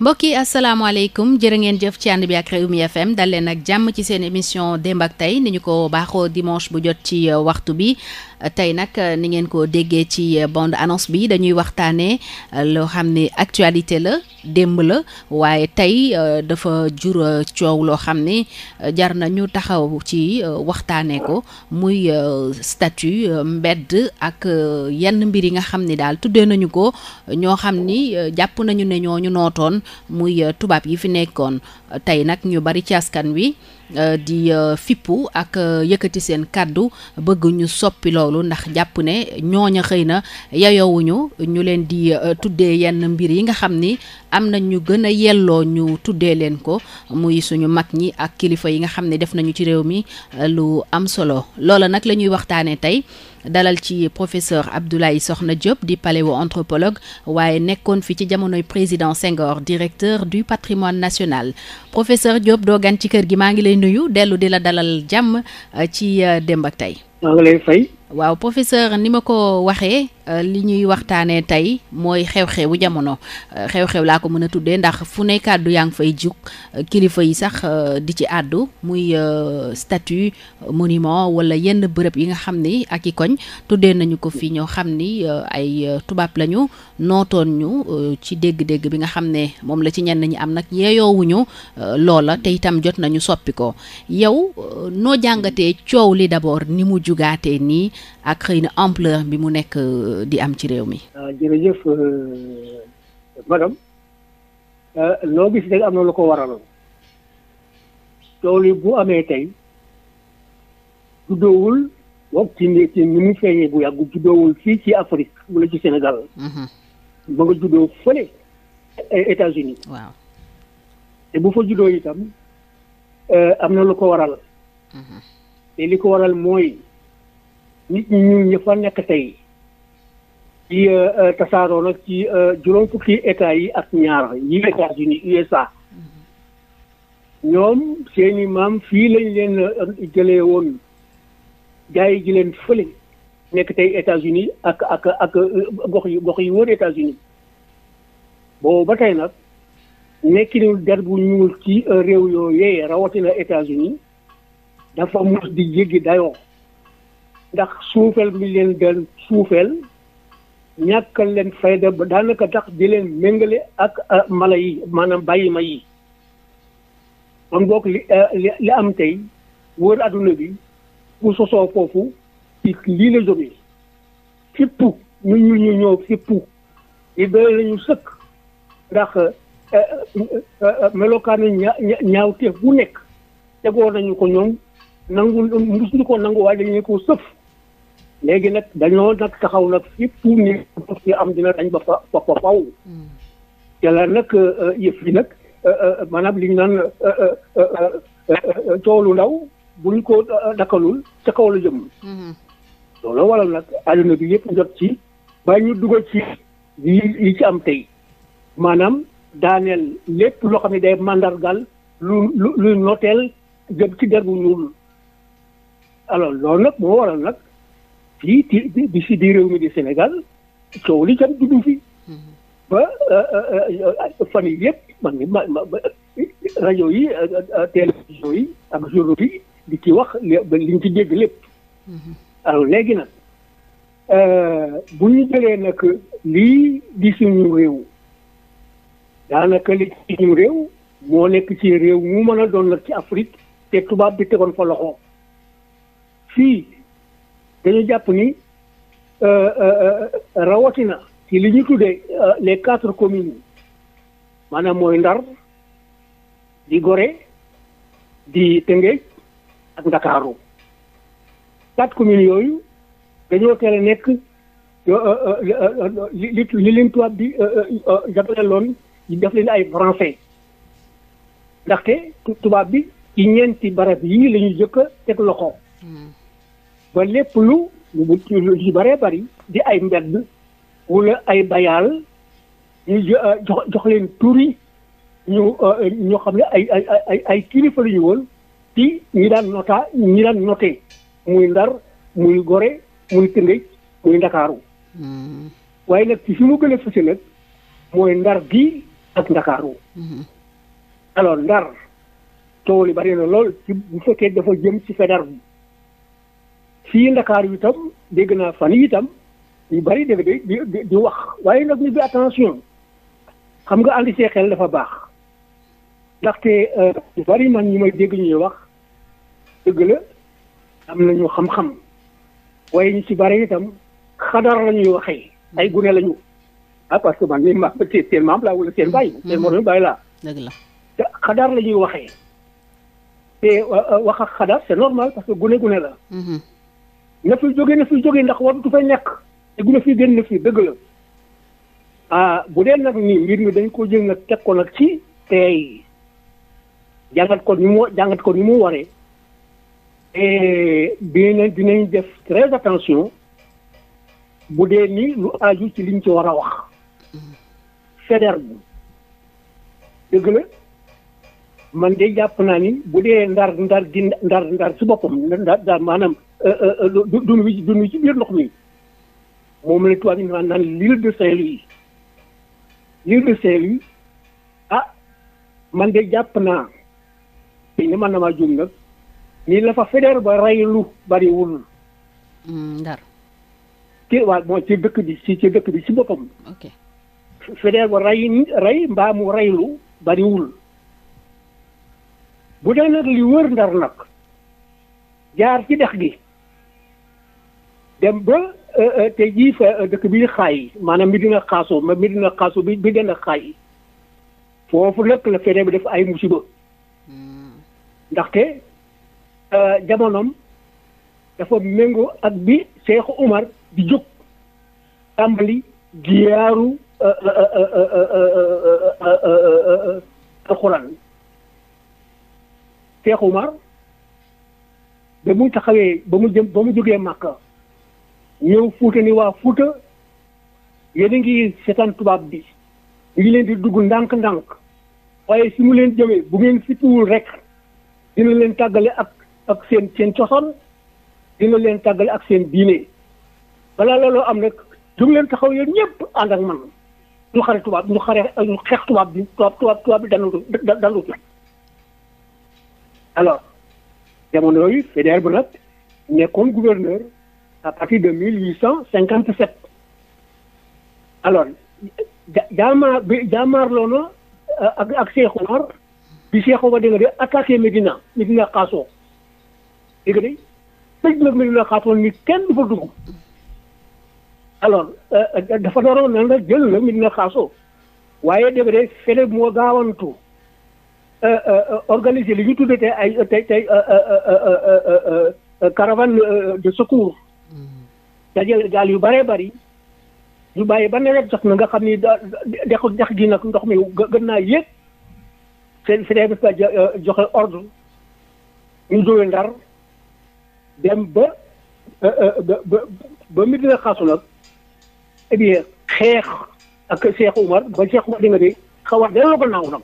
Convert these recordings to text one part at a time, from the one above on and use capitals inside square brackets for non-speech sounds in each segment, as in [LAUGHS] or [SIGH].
mbokk yi asalaamaaleykum jërë ngeen jëf ci ànd bi ak Rewmi FM dal leen ak jàmm ci seen émission démb ak tey ni ñu ko baaxoo dimanche bu jot ci euh, waxtu bi tey nag euh, ni ngeen ko déggee ci euh, bond annonce bi dañuy waxtaanee euh, loo xam ne actualité la démb la waaye tey dafa jur coow loo xam ne jar na ñu taxaw ci waxtaanee ko muy statut mbedd ak yenn mbir yi nga xam ni daal tuddee nañu ko ñoo xam ni jàpp nañu ne ñooñu nootoon muy tubaab yi fi nekkoon tey nag ñu bari ci askan wi Euh, di euh, fippu ak euh, yëkkati seen kàddu bëgguñu ñu soppi loolu ndax jàpp ne ñooña xëy na yayowuñu ñu leen di tuddee yenn mbir yi nga xam ni am na ñu gën a yelloo ñu tuddee leen ko muy suñu mag ñi ak kilifa yi nga xam ne def nañu ci réew mi lu am solo loola nag lañuy ñuy waxtaanee tey. dalal ci professeur Abdoulaye Sokhna Diop di paléoanthropologue waaye nekkoon fi ci jamonoy président Senghor directeur du patrimoine national professeur Diop doo gan ci kër gi maa ngi lay nuyu dellu di la dalal jàmm euh, ci euh, Demb ak Tay maa waaw professeur ni ma ko waxee Euh, li ñuy waxtaanee tey mooy xew-xewu jamono euh, xew-xew laa ko mën a tuddee ndax fu nekk kàddu yaa ngi fay jug euh, kilifa yi sax di ci àddu muy statue monument wala yenn bërëb yi nga xam ni ak i koñ tuddee nañu ko fii ñoo xam ni ay tubaab lañu nootoon ñu ci dégg-dégg bi nga xam ne moom la ci ñenn ñi am nag yeeyoowuñu loola te itam jot nañu soppi ko yow noo jàngatee coow li d'abord ni mu jugaatee nii ak xëy na ampleur bi mu nekk. di am ci réew mi. Ah, jërëjëf euh, madame euh, loo gis rek am na lu ko waral tool bu amee tey juddoowul moom ci ci ni mu feeñee bu yàgg juddoowul fii ci Afrique wala ci Sénégal. Mhm. ba nga juddoo fële e, États-Unis waaw te bu fa juddoo itam euh, am na lu ko waral. Mhm. te li ko waral mooy nit ñi ñun fa nekk tey ci eh, eh, tasaaroo nag ci eh, juróom fukki état yi ak ñaar yi États-Unis USA ñoom seeni maam fii lañ leen jëlee woon gars yi ji leen fële nekk tey États-Unis ak ak ak gox yi gox yi wër États-Unis boobu ba tey nag nekkinu der bu ñuul ci réew yooyee rawatina États-Unis dafa mus di jéggi dayoo ndax suufeel bi leen del suufeel ñàkkal leen fayda ba daanaka tax di leen méngale ak mala yi maanaam bàyyi ma yi kon boog li li am tey wër adduna bi bu sosoo foofu ci lii la jógee fippu ñu ñu ñu ñëw fippu yi doy lañu sëkk ndax melokaanu ña ñaawteef bu nekk tegoo nañu ko ñoom nangu musuñu ko nangu waaye dañu ko sëf léegi nag dañoo nag taxaw nag fépp ni dof ci am dina dañ ba fa fa fa faw hmm. te la nag euh, euh, yëf yi nag euh, maanaam li ñu naan toolu ndaw buñ ko dakkalul ca kaw la jëm hmm. loolu waral nag àdduna bi yëpp jot ci ba ñu dugal ci yi ci am tey maanaam daaneel lépp loo xam ne day mandargal lu lu lu noteel jëm ci dergu ñuul alors loolu nag moo waral nag fii ci si di réew mi di Sénégal coow li tam juddu fi mhm. ba euh, euh, euh, famille yëpp man ma ma rajo yi télévision ak journaux yi di ci wax li ñu ci dégg lépp mhm. alors léegi nag bu ñu jëlee nag lii di suñu réew daanaka li ci suñu réew moo nekk ci réew mu mën a doon nag ci Afrique te tubaab bi tegoon fa loxo fii dañu jàpp ni euh, euh, rawatina ci li ñu tuddee euh, les quatre communes maanaam mooy Ndar di Gorée di Tëngéej ak Ndakaaru quatre communes yooyu dañoo teel nekk li li leen tubaab bi jàppale loon def leen ay français ndaxte tubaab bi ci ñeenti barab yi lañuy ñu jëkk a teg loxo hmm. ba lépp lu lu bëree bëri di ay mbedd wala ay bayaal ñu euh, jox jox leen turi ñu euh, ñoo xam ne ay ay ay ay kilifa la ñu woon ci ñi daan nota ñi daan noté muy Ndar muy Gore muy Tëngéej muy Ndakaaru mm-hmm. waaye nag ci fi gën a fësi nag mooy Ndar gi ak Ndakaaru mm-hmm. alors Ndar coow li bari na lool ci bu fekkee dafa jëm ci Faidherbe bi fii ndakaar Ndakaaru tam dégg naa fan yi itam yu bari dégg di di wax waaye nag ñu bi attention xam nga ànd see xel dafa baax ndaxte yu euh, bari man ñu may dégg ñuy wax dëgg la am nañu xam-xam waaye ñu ci bari itam xadar la ñuy waxee ay gune lañu ah parce que man mii ma seen maam laa wala seen bàyyi. Mm-hmm. seen moromu bàyyi laa. dëgg la te la ñuy waxee. te euh, euh, wax ak xadaar c'est normal parce que gune gune la. Mm-hmm. na fi jógee na fi jóge ndax waratu fay nekk te bu la fi génn fii dëgg la ah bu dee nag nii mbir mi dañ ko jël nag teg ko nag ci tey jàngat ko ni mu jàngat ko ni mu waree et dinañ dinañ def très attention bu dee ni lu aju ci liñ ci war a wax feder bi dëgg la man de jàpp naa ni bu dee ndar ndar gi ndar ndar si boppam ndar maanaam. dun wi dund wi ci biir ndox mi moom la tubaab yi naan naan l'île de Saint-Louis l'île ah man de jàpp naa te ni man na maa juum nag nii la fa Faidherbe ba reylu bariwul hmm, ndar ci waa moo ci dëkk bi ci dëkk bi ci boppam Faidherbe ba rey rey reylu bariwul bu dee nag li wër ndar nag jaar ci dex gi dem ba te jii fa dëkk bi xaay maanaam mi dina xaaso mi dina xaaso bi bi dina xaay foofu nag la feebar bi def ay musiba ndaxte jamonoom dafa méngoo ak bi Seexu Umar di jóg tàmbali giyaaru alxuraan Seexu Umar ba mu taxawee ba mu jëm ba mu jógee Màkka ñëw Fuuta ni waa Fuuta yéen a ngi seetaan tubaab bi ñu ngi leen di dugg ndànk-ndànk waaye si mu leen jëmee bu ngeen fippuwul rek dina leen tàggale ak ak seen seen cosaan dina leen tàggale ak seen diine balaa looloo am nag jóg leen taxaw yéen ñëpp ànd ak man ñu xare tubaab ñu xare ñu xeex tubaab bi tubaab tubaab tubaab bi dandu dandu alors jamono yooyu Faidherbe nag nekkoon gouverneur a partir de 1857 alors jaamaar bi jaamaarloo euh, ak ak Cheikh bi Cheikh Omar dégg nga de attaqué Medina Medina Xaaso dégg nga de tëj na Medina Xaaso ni kenn du fa alors euh, dafa naroon nan jël na Medina Xaaso waaye dégg nga de fële moo gaawantu euh, organiser li ñu tuddee tey ay tey tey caravane de secours dajale gaal yu bëree bari ñu bàyyi ba nawet jot na nga xam ni da dex dex gi nag ndox mi gën naa yéeg seen seen bi ba euh, joxe ordre ñu jóge ndar dem ba euh, euh, ba ba mi dina xasu nag eh xeex ak Cheikh Oumar ba Cheikh Oumar di nga de a delloo ko naaw nag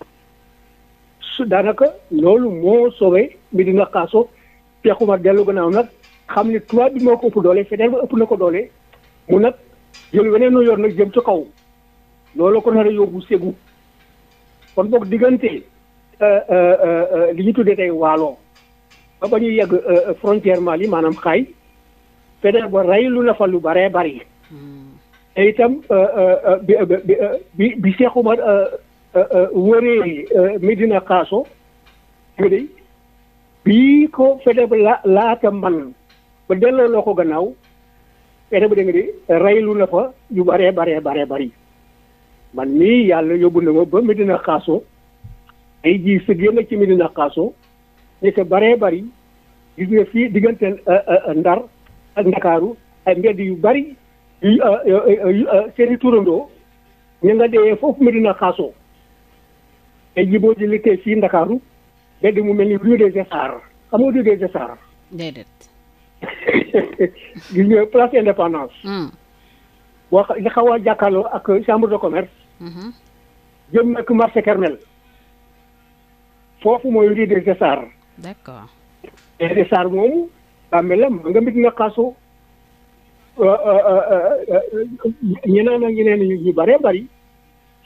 su daanaka loolu moo soobee mi dina xaaso Cheikh Oumar delloo ko naaw nag xam ne tubaab bi moo ko ëpp doole feneen ba ëpp na ko doole mu nag jël weneen yoon nag jëm ci kaw loolu ko nar a yóbbu ségu kon boog diggante euh, euh, euh, li ñu tuddee tey waalo ba ba ñuy yegg frontière Mali maanaam xaay feneen ba rey lu na lu baree bari hmm. te itam bi bi bi Cheikh Oumar Kaaso bii ko fedeb la laata man ba delloo loo ko gannaaw ene bu dégg di raylu na fa yu baree baree baree bari man mii yàlla yóbbu na ma ba Medina Xaaso ay ji si génn ci Medina Xaaso nekk baree bari yu nga fii diggante euh, euh, Ndar ak Ndakaaru ay mbedd yu bari euh, seen i turandoo ñu nga dee foofu Medina Xaaso ay ji boo jëlee tey fii Ndakaaru mbedd mu mel ni Rue des Essarts xam nga Rue des [LAUGHS] gis nga place indépendance. boo hmm. li xaw a jàkkaarloo ak chambre de commerce. Hmm. jëm nag marché Kermel. foofu mooy rue des Essarts. d'accord rue des moomu. daa mel ne ma nga mit nga xaasu. ñeneen ak ñu ñu bëree bëri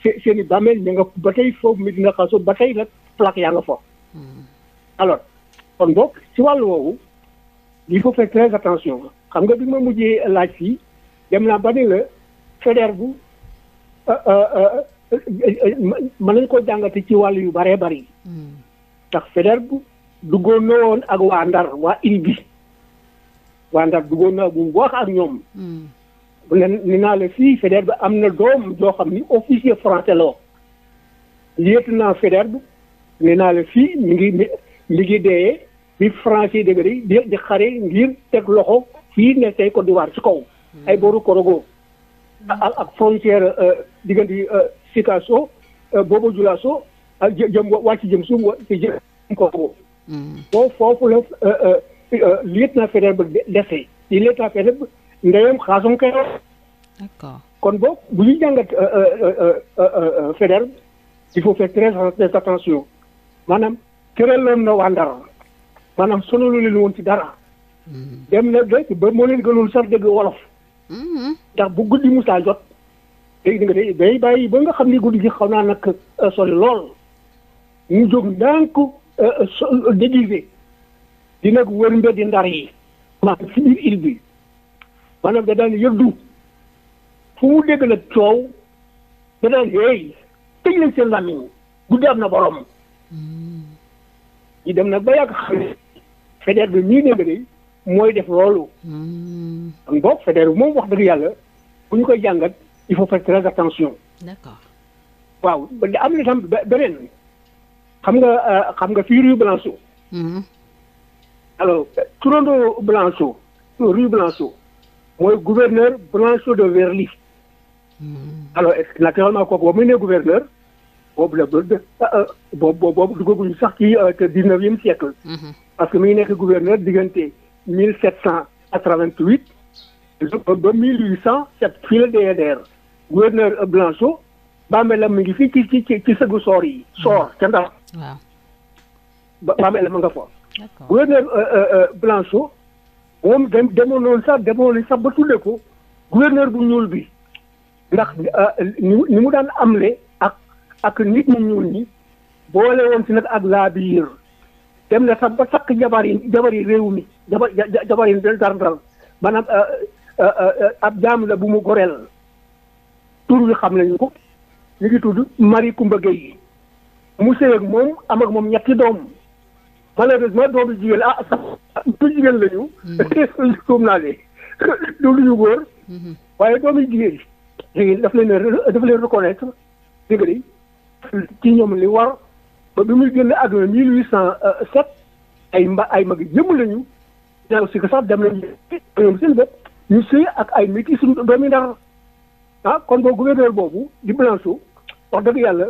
seen i bàmmeel ñu nga ba tey foofu mi dina xaso ba tey nag plaque yaa nga fa hmm. alors kon boog ci wàll woowu il faut faire très attention xam nga bi ma mujjee laaj fii dem naa ba ne la fédère bu euh, euh, euh, mën nañ ko jàngate ci wàll yu bëree bëri ndax fédère bu duggoon na woon ak waa ndar waa il bi waa ndar duggoon na bu wax ak ñoom ni naa la fii feder bi am na doom joo xam ni officier français la woon lieutenant fédère bi ne naa la fii mi ngi mi ngi deeyee bi France yi dégg di di xare ngir teg loxo fii ne tey d'Ivoire ci kaw. Hmm. ay booru Korogo. Hmm. ak ak frontière euh, diggante euh, Sikasso euh, Bobo Dioulasso ak jë jëm wàcc jëm suum wa ci jëm Korogo. boo hmm. foofu la lieutenant Faidherbe ba dese li lieutenant Faidherbe ndeyam Xaasom Kajoor. d'accord kon boog bu ñu jàngat Faidherbe il faut faire très très attention maanaam tëraloon na waa Ndar. maanaam sonalu leen woon ci dara. dem na rek ba moo leen gënoon sax dégg wolof. Mm-hmm. ndax bu guddi musaa jot. léegi nga day day bàyyi ba nga xam ni guddi gi xaw naa nag euh, sori lool ñu jóg ndànk euh, euh, déguisé di nag wër mbeddi ndar yi maanaam da daan yëddu fu mu dégg nag coow da daan hey tëj leen seen làmmiñ guddi am na borom mm-hmm. ñu dem nag ba yàgg xam ne fédère bi ñuy déggee mooy def loolu. Hmm. kon boog moom wax dëgg yàlla bu ñu koy jàngat il faut faire très attention. d'accord waaw am na tam beneen xam nga euh, xam nga fii rue Blanchot. Hmm. alors turandoo Blanchot rue Blanchot mooy gouverneur Blanchot de Verly. Hmm. alors naturellement kooku ba muy ne gouverneur. boobu la ah, ah, boobu boobu duggaguñu sax ci euh, dix-neuvième siècle mhm. parce que mi ngi nekk gouverneur diggante mille sept cent quatre-vingt-huit ba mille huit cent sept fii la DDR gouverneur Blanchot bàmmeelam mi ngi fii ci ci ci sëggu soor yi soor ca ndax bàmmeelam ma nga fa gouverneur euh, euh, Blanchot moom dem demoon noonu sax demoon nañ sax ba tudde ko gouverneur bu ñuul bi ndax ni mu daan amle ak nit ñu ñuul ñi boole woon si nag ak laa biir dem na sax ba sakk jabar yi jabar yi réew mi jabar jabar yi dar dar maanaam euh, euh, euh, ab jaam la bu mu goreel tur wi xam nañu ko ñu ngi tudd Marie Coumba Gueye mu sëy ak moom am moom ñetti doom malheureusement doomu jigéen la ah sax du jigéen la mm-hmm. [LAUGHS] [LAUGHS] ñu. suum mm-hmm. naa waaye doomu jigéen jigéen daf leen a daf leen ci ñoom li war ba bi muy génn àdduna mille huit cent sept ay mba ay mag yëmu lañu daal si ko sax dem nañu ñoom seen bët ñu sëy ak ay métis su doomi ndar ah kon boo gouverneur boobu di Blanchot wax dëgg yàlla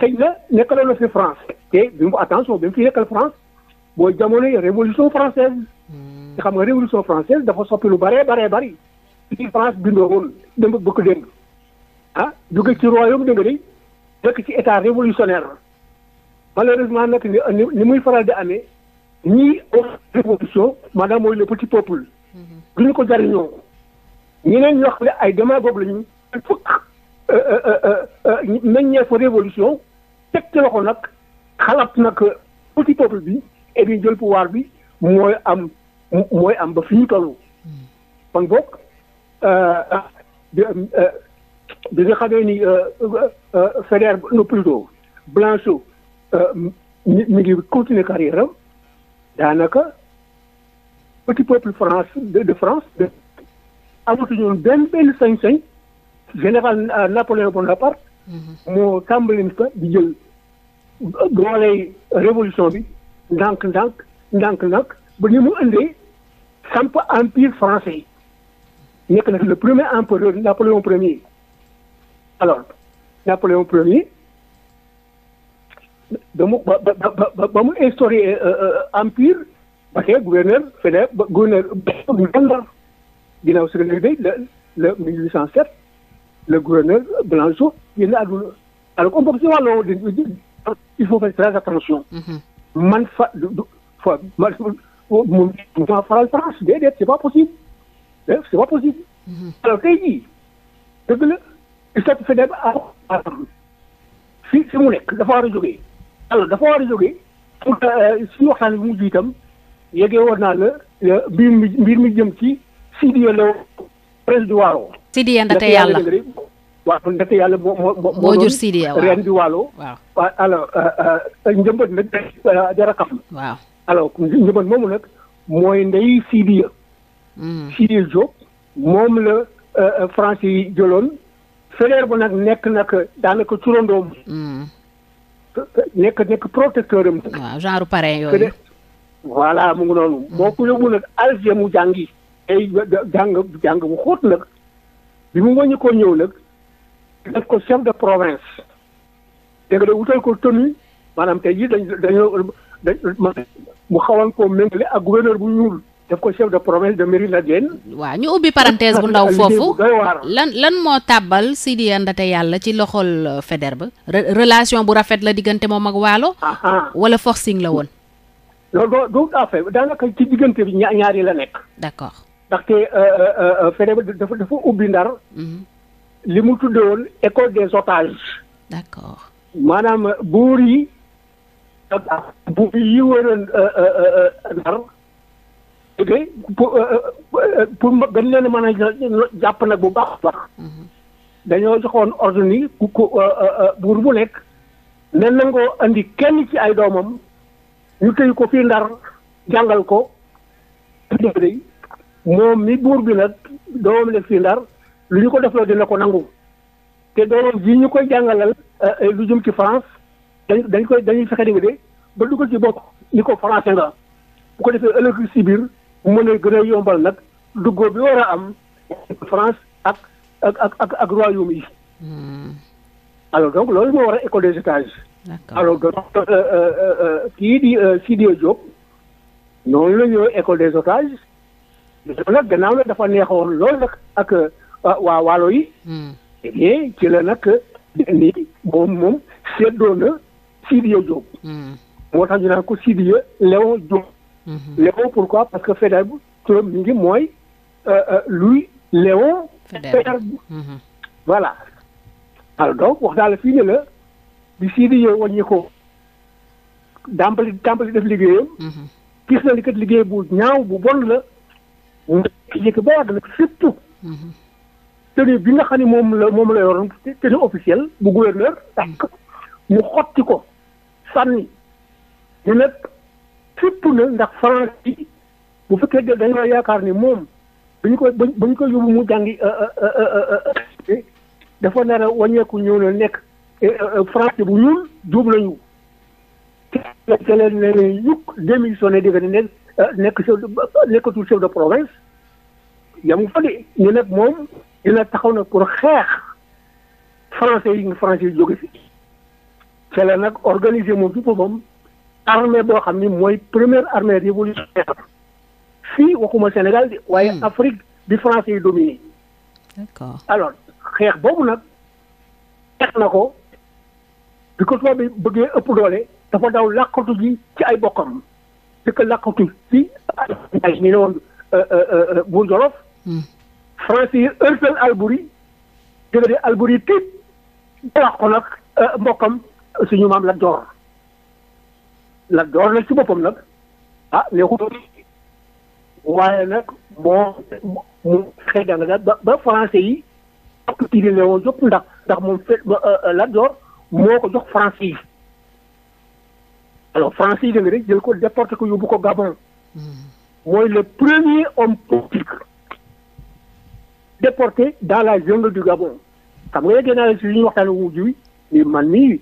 xëy na nekkaloon na fi France te bi mu attention bi mu fi nekkal France booy jamonoy révolution française hmm. te xam nga révolution française dafa soppi lu baree baree bari ci France bindoo woon dama bëgg déng ah jóge ci royaume da nga nekk ci état révolutionnaire malheureusement nag ni muy faral di amee ñii révolution maanaam mooy le petit peuple mm-hmm. duñu ko jariñoo ñeneen ñoo xam ay ay démagogue lañu fukk euh, euh, euh, meññee fa révolution teg ci loxo nag xalaat nag petit peuple bi et bi jël pouvoir bi mooy am mooy am ba fi ñu toll mm-hmm. kon boog bi nga xamee ni euh, euh, euh, Feder no plutôt Blanchot mi ngi continuer carrière am daanaka petit peuple France de France de amatu benn benn sañ-sañ général Napoléon Bonaparte mhm. moo tàmbali ko di jël dooley révolution bi ndànk ndànk ndànk ndànk ba ni mu indee samp empire français nekk na le premier empereur Napoléon premier alors Napoléon Ier ba mu ba ba ba mu instauré euh, euh, empire ba tey gouverneur fédéral gouverneur Ndar ginnaaw si la bay le le 1807 le gouverneur Blanchot génn àdduna alors comme bokk si wàllu il faut faire très attention. Mm-hmm. man fa du du fa man moom ma faral France déedéet c'est pas possible eh, c'est pas possible. Mm-hmm. alors tey jii dëgg la. statut fédéral bi fi fi mu nekk dafa war a jógee alors dafa war a jógee pour euh, suñu waxtaan bi mujj itam yeggee woon naa la euh, mbir mi jëm ci Sidiya la prince du Waalo. Sidiya Ndate Yàlla waaw Ndate Yàlla moo moo moo jur Sidiya waaw reen du Waalo. waaw waaw euh, nag dara xam. waaw alors njëmbat moomu nag mooy ndey Sidiya. Hmm. Sidiya Diop moom la français yi jëloon. fédère bu nag nekk nag daanaka turandoom. Hmm. nekk nekk protecteur am. waaw genre parrain yooyu. voilà mu ngi noonu. Hmm. moo ko yóbbu nag Alger mu jàngi. ay jàng jàng bu xóot nag. bi mu wàññi ko ñëw nag. def ko chef de province. dégg nga wutal ko tenue maanaam tey jii dañ dañoo mu xawan koo méngale ak gouverneur bu ñuul. def ko chef de promesse de mairie Latguen waaw ñu ubbi parenthèse bu ndaw [LAUGHS] foofu lan lan moo tàbbal Sidy Ndaté Yalla ci loxol euh, Faidherbe relation bu rafet la diggante moom ak Waalo wala forcing la woon loolu doo ci diggante bi ñaar ñaari la nekk d'accord ndaxte euh, euh, Faidherbe dafa dafa ubbi ndar mhm. li mu tuddee woon école des otages d'accord maanaam buur yi buur yi ndar su dee pour euh, euh, pour dañ leen mën a jàpp nag bu baax a baax. dañoo joxoon ordre ni euh, buur bu nekk. ne nangoo andi kenn ci ay doomam ñu tëj ko fii ndar jàngal ko. moom mi buur bi nag doomam nekk fii ndar lu ñu ko defloo dina ko nangu. te doomam ji ñu koy jàngalal lu jëm ci France dañ dañ koy dañuy fexe di nga de ba dugal ci bopp ni ko français nga bu ko defee ëllëg si mën a gën a yombal nag duggoo bi war a am France ak ak ak ak ak royaume yi. Hmm. alors donc loolu moo war a école des étages. alors donc euh, euh, euh, kii di Sidiya Diop noonu la ñëw école des otages nag gannaaw la dafa neexoon loolu nag ak waa waalo yi. Hmm. eh bien ci nag moom moom séddoo na Sidiya Diop. Hmm. moo tax ñu naan ko Sidiya Léon Diop. Mm-hmm. Léon pourquoi parce que Faidherbe turam mi ngi mooy euh, euh, Louis Léon Faidherbe mm-hmm. voilà donc wax naa la fii ne la bi sii di yow wàññi ko dàmpali dàmpali def liggéeyam mm-hmm. gis na li kat liggéey bu ñaaw bu bon la mu jékki ba wax nag surtout tenue bi nga xam ne moom la moom la yoroon tenue officielle bu gouverneur tak mu xotti ko sànni ñu nag surtout na ndax France bi bu fekkee da dañoo yaakaar ni moom dañu ko bañ koy yóbbu mu jàngi euh, euh, euh, dafa nar a wàññeeku ñëw na nekk français bu ñuul juub lañu te leen ne ne yukk démissionné nekk chef nekkatul chef de province yamu fa de ñu nag moom dina taxaw na pour xeex français yi nga français yi jóge fi ca nag organiser moom ci boppam armée boo xam ni mooy première armée révolutionnaire fii waxuma Sénégal di waaye hmm. Afrique bi français yi dominé d'accord xeex boobu nag xeex na ko bi ko tubaab bi bëggee ëpp doole dafa daw làqatu ji ci ay bokkam dëkk làqatu ci ay ñu ne woon euh, euh, euh, Boundorof hmm. français yi heurtal Albury jóge Albury tiit wax ko nag mbokkam suñu maam la door Lat Joor na ci boppam nag ah neexut waaye nag moo mu xëy na ba ba français yi ak kii la woon yëpp ndax ndax moom fe euh, euh, Lat Joor moo ko jox français yi alors français yi da rek jël ko déporté ko yóbbu ko Gabon mooy le premier homme politique déporté dans la jungle du Gabon xam nga yeggee naa la si li ñu waxtaan wu jiw man mii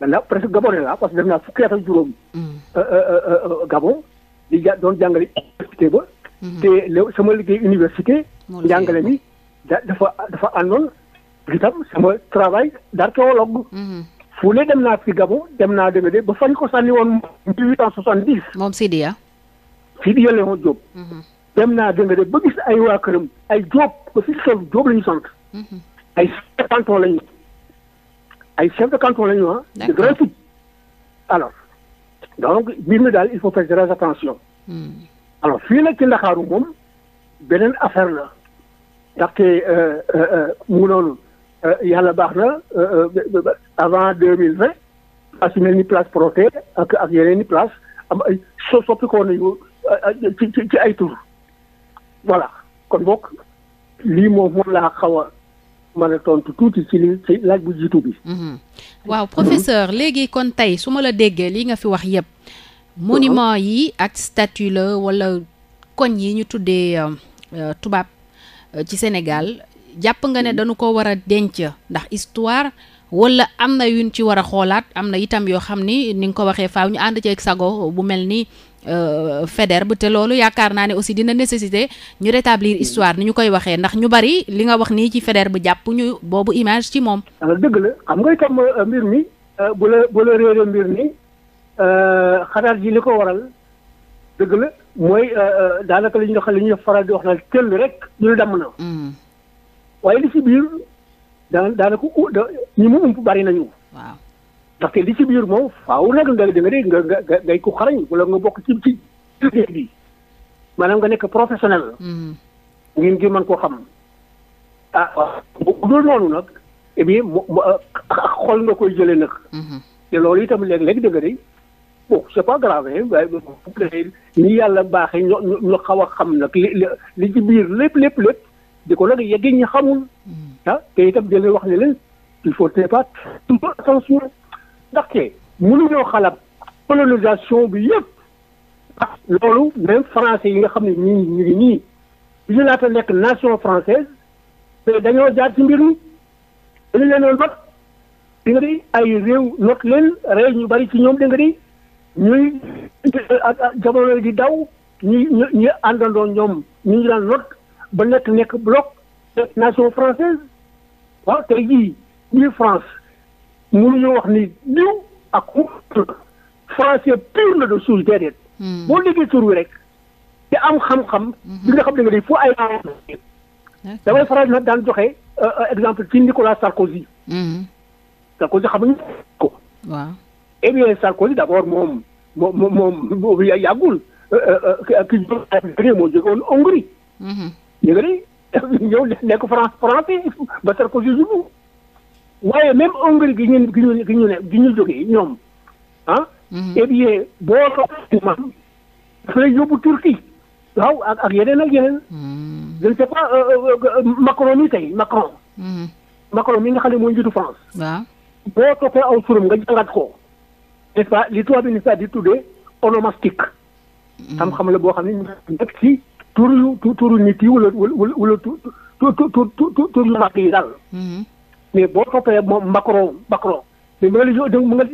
maintenant presque gabonais la parce que def naa fukki at ak juróom. Mm. Euh, euh, euh, Gabon di ja doon jàngale université ba. Mm-hmm. te sama liggéey université. njàngale mi da dafa dafa àndoon. itam sama travail d'archéologue. Mm-hmm. fu ne dem naa fi Gabon dem naa deme de ba fañ ko sànni woon mille huit cent soixante dix. moom Sidiya. Sidiya Léon Diop. Mm-hmm. dem naa deme de ba gis ay waa këram ay Diop ba fi Seydou Diop la ñu ay Seydou Tanton la ay chef de canton la de grand foot alors donc mbir mi daal il faut faire très attention. Hmm. alors fii nag ci Ndakaaru moom beneen affaire la ndaxte euh, euh, euh, mu noonu yàlla baax na avant deux mille vingt place yu ni place Protet ak ak yeneen place am ay so soppi ko nañu ci ci ay tur voilà kon boog lii moom moom laa xaw a mën a tontu tuuti ci li ci laaj bu mhm. waaw professeur léegi kon tey su ma la déggee li nga fi wax yëpp. monument yi ak statue la wala koñ yi ñu tuddee euh, euh, tubaab euh, ci Sénégal jàpp nga ne mhm. dañu ko war a denc ndax histoire wala am na yuñ ci war a xoolaat am na itam yoo xam ni ni nga ko waxee faaw ñu ànd ceeg sago bu mel ni. Euh, bu te loolu yaakaar naa ne aussi dina nécessité ñu rétablir histoire ni ñu koy waxee ndax ñu bari li nga wax nii ci Faidherbe jàpp ñu boobu image ci moom. Ah, dëgg la xam nga itam euh, mbir mi euh, bu la bu la réeré mbir mi xadaar ji li ko waral dëgg la mooy daanaka li ñuy wax li ñuy faral di wax naan tëll rek ñu damm na. Mm. waaye li si biir daanaka ñu mu ump bari nañu. waaw. ndaxte li ci biir moom faaw nag nga da nga dégg nga nga ngay ku xarañ wala nga bokk ci ci liggéey bi maanaam nga nekk professionnel. Hmm. ngir ngir mën koo xam. ah waaw bu dul noonu nag eh bien ah, ah, xool nga koy jëlee nag. Hmm. te loolu itam léeg-léeg da nga de bon c'est pas grave waaye ni yàlla baaxee ñu ñu xaw a xam nag li li ci biir lépp lépp lépp di ko nag yegg ñi xamul. Hmm. ah te itam di leen wax ne leen il faut ne pas ndax mënuñoo xalaat colonisation bi yëpp parce que loolu même français yi nga xam ne ñii ñu ngi nii bi ñu nekk nation française dañoo jaar ci mbiru mi dañu leen nga di ay ñu bari ci ñoom di nga di ñuy jamono di daw ñu ñu ñu àndandoo ñoom ñu ngi daan not ba nekk nekk bloc nation française waaw tey ñuy France mënuñu wax ni diw ak français pur la de souche déedéet. Hmm. boo déggee tur rek te am xam-xam. Hmm. li nga xam ne dañu fou ay en. damay faral na daan joxe euh, euh, exemple ci Nicolas Sarkozy. Hmm. Sarkozy xamuñu ko. waaw eh bien Sarkozy d' abord moom moom moom moom yàggul euh, kii bi moo jóge woon Hongrie. ñu ngi nii ñëw nekk France français ba Sarkozy jubu. waaye même Hongrie gi ñu gi ñu gi ñu ne gi ñu jógee ñoom ah. eh bien boo xamante maam dafa lay yóbbu Turquie waaw ak ak yeneen ak yeneen. je ne sais pas Macron mi tey Macron. Macron mi nga xam ne mooy njiitu France. waaw boo toppee aw turam nga jàngat ko. n'est-ce pas li tubaab bi n'est-ce pas di tuddee onomastique. xam-xam la boo xam ne ñu nekk ci turu yu turu nit yi wala wala wala tur tur tur tur tur yu mag yi daal. mais boo toppee moom Macron Macron mais mu nga li mu nga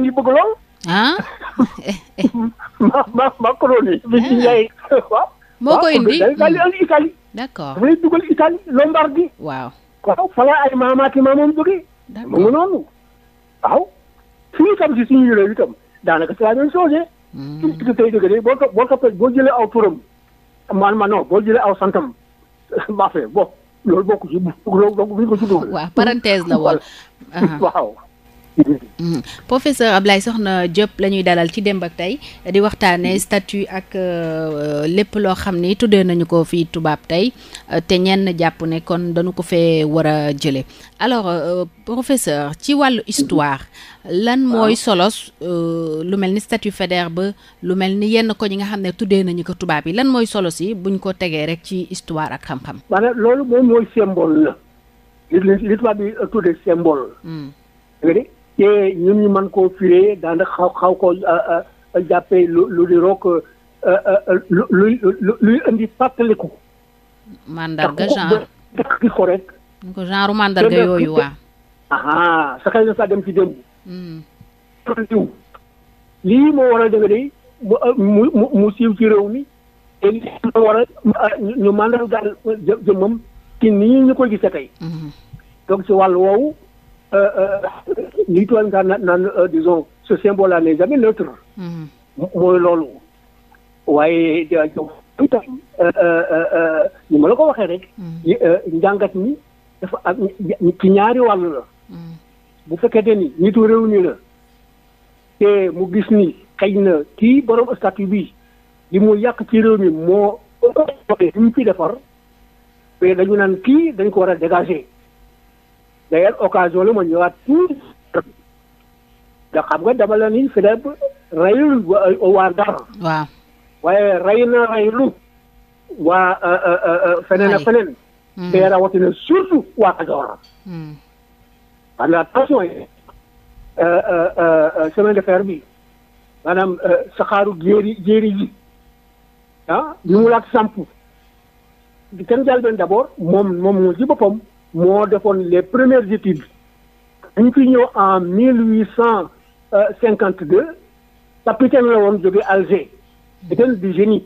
ni bëgg lool. ah. [LAUGHS] ma ma Macron yi. bi ah. njaayee waaw. moo ko indi waaw Italie. d'accord dafay dugal Italie Lombardie. waaw waaw fa la ay maamaati maamoom jógee. d'accord noonu waaw. suñu tam si suñu yore itam daanaka c'est la même chose. Hmm. suñu tey jógee boo topp boo aw turam. maanaam non boo jëlee aw santam. ba [LAUGHS] fee loolu bokk ci loolu donc fi ñu ko ci dugal. waaw parenthèse la [LAUGHS] waaw. Mhm. professeur Ablaye Sokhna Diop la ñuy dalal ci démb ak tey di waxtaanee statut ak euh, lépp loo xam ni tuddee nañu ko fii tubaab tey te ñenn jàpp ne kon dañu ko fee war a jële alors euh, professeur ci wàllu histoire lan mooy solos euh, lu mel ni statut fédère ba lu mel ni yenn ko ñi nga xam ne tuddee nañu ko tubaab yi lan mooy solos yi buñ ko tegee rek ci histoire ak xam-xam. te ñun ñu mën koo firee da xaw xaw ko euh, euh, jàppee lu lu di rook euh, lu lu luy indi fàttaliku. mandarga genre tax ki ko rek. ko genre mandarga yooyu waa. ah sa xel na saa dem ci démb. diw hmm. lii moo waral da nga de mu mu mu siiw ci réew mi te lii moo waral ñu mandargaal jëmmam ci nii ñu koy gisee tey. Hmm. donc ci wàllu woowu. li euh, euh, euh, tuwaan nga naan naan disons ce symbole là neutre. Mm-hmm. mooy loolu. waaye tout ni ma la ko waxee rek. Mm-hmm. njàngat mi dafa ak ci ñaari wàll la. Mm-hmm. bu fekkee ni nitu réew mi la. te mu gis ni xëy na kii borom statut bi li mu yàq ci réew mi moo li mu fi defar mais dañu naan kii dañ ko war a dégagé d'ailleurs occasion la ma ñëwaat tuuti da xam nga dama la ni Faidherbe bu waa Ndar waaw waaye rey na reylu waa euh, euh, euh, feneen ak feneen hmm. te rawatina surtout waa Kajoor hmm. maanaam attention yi chemin de fer bi maanaam saxaaru jéeri jéeri ji ah bi mu laat samp kenn jàll d'abord moom moom mu ci boppam moo defoon les premières études ñu fi ñëw en mille huit cent cinquante deux capitaine la woon jóge Alger capitaine du génie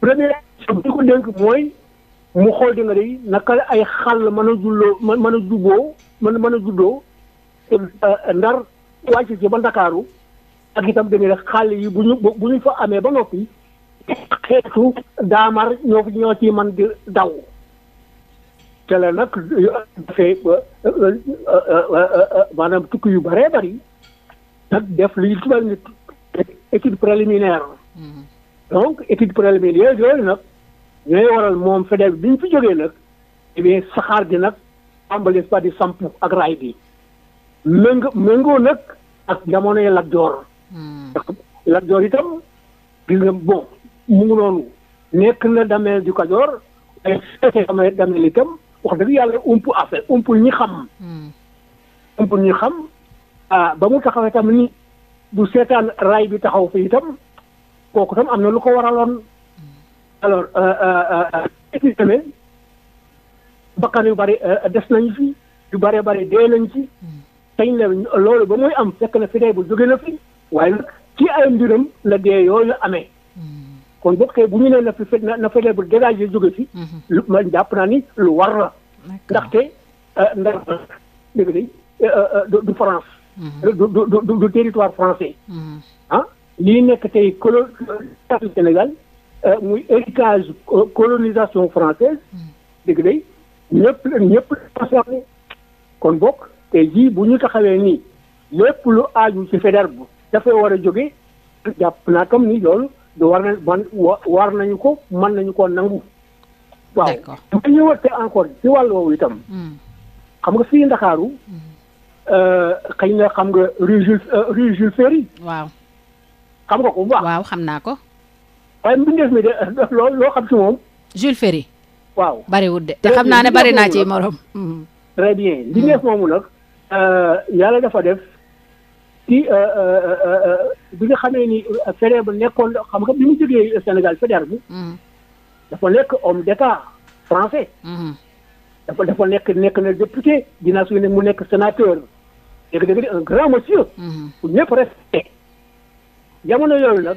première émission bi ko dénk mooy mu xool di nga day naka la ay xàll mën a julloo mën a juboo mën mën a juddoo euh, ndar wàcc ci ba ndakaaru ak itam dañuy def xàll yi bu ñu bu ñu fa amee ba noppi xeetu daamar ñoo fi ñoo ci man di daw tele nag dafay euh, euh, euh, yu bëree bëri def li ñu tubaab ni étude préliminaire mm-hmm. donc étude préliminaire yooyu nag ñooy waral moom fedeel bi fi jógee nag eh bien saxaar gi nag tàmbali fa di samp bi méng méngoo nag ak jamonoy Lat Joor mm-hmm. Lat Joor itam bon mu nekk na dameel du Kajoor ay dameel wax dëgg yàlla ump affaire ump ñi xam. Hmm. ump ñi xam ah ba mu taxawee tam ni du seetaan raay bi taxaw fii itam kooku tam am na lu ko waraloon hmm. alors euh, euh, euh, étudié tamit bakkan yu bari des nañu fi yu bëree bëri dee nañ ci. Hmm. tey na loolu ba muy am fekk na fi day bu jóge na fi waaye nag ci ay mbiram la dee yooyu amee. kon boo xee bu ñu nee na fi na na fexe ba dégager jóge fi. Mhm. lu jàpp naa ni lu war la. ndaxte euh, ndax dégg mhm. ah, euh, muy héritage euh, colonisation française mhm. bokk tey jii bu ñu taxawee nii lépp lu aaju ci Faidherbe dafay war a jóge jàpp naa comme ni loolu. war nañ man war nañu ko man nañu ko nangu. waaw dama ñëwaatee encore ci wàll woowu itam. Hmm. xam nga fii Ndakaaru. Hmm. Euh, xëy na xam nga rue Jules euh, rue waaw xam nga ko bu xam naa ko. waaye mbindeef mi de [LAUGHS] loo xam ci moom. Jules Ferry. waaw bariwut de te xam naa ne bari naa ci morom. Hmm. très bien mbindeef moomu nag euh, yàlla dafa def. ci euh, euh, euh, bi nga xamee ni Faidherbe nekkoon xam nga bi mu jógee Sénégal Faidherbe. Mm-hmm. dafa nekk homme d'État français. Mm-hmm. dafa dafa nekk nekk na député dinaa suy ne mu nekk sénateur dégg-dégg di un grand monsieur. Mm-hmm. pour ñëpp respecté. jamono yooyu nag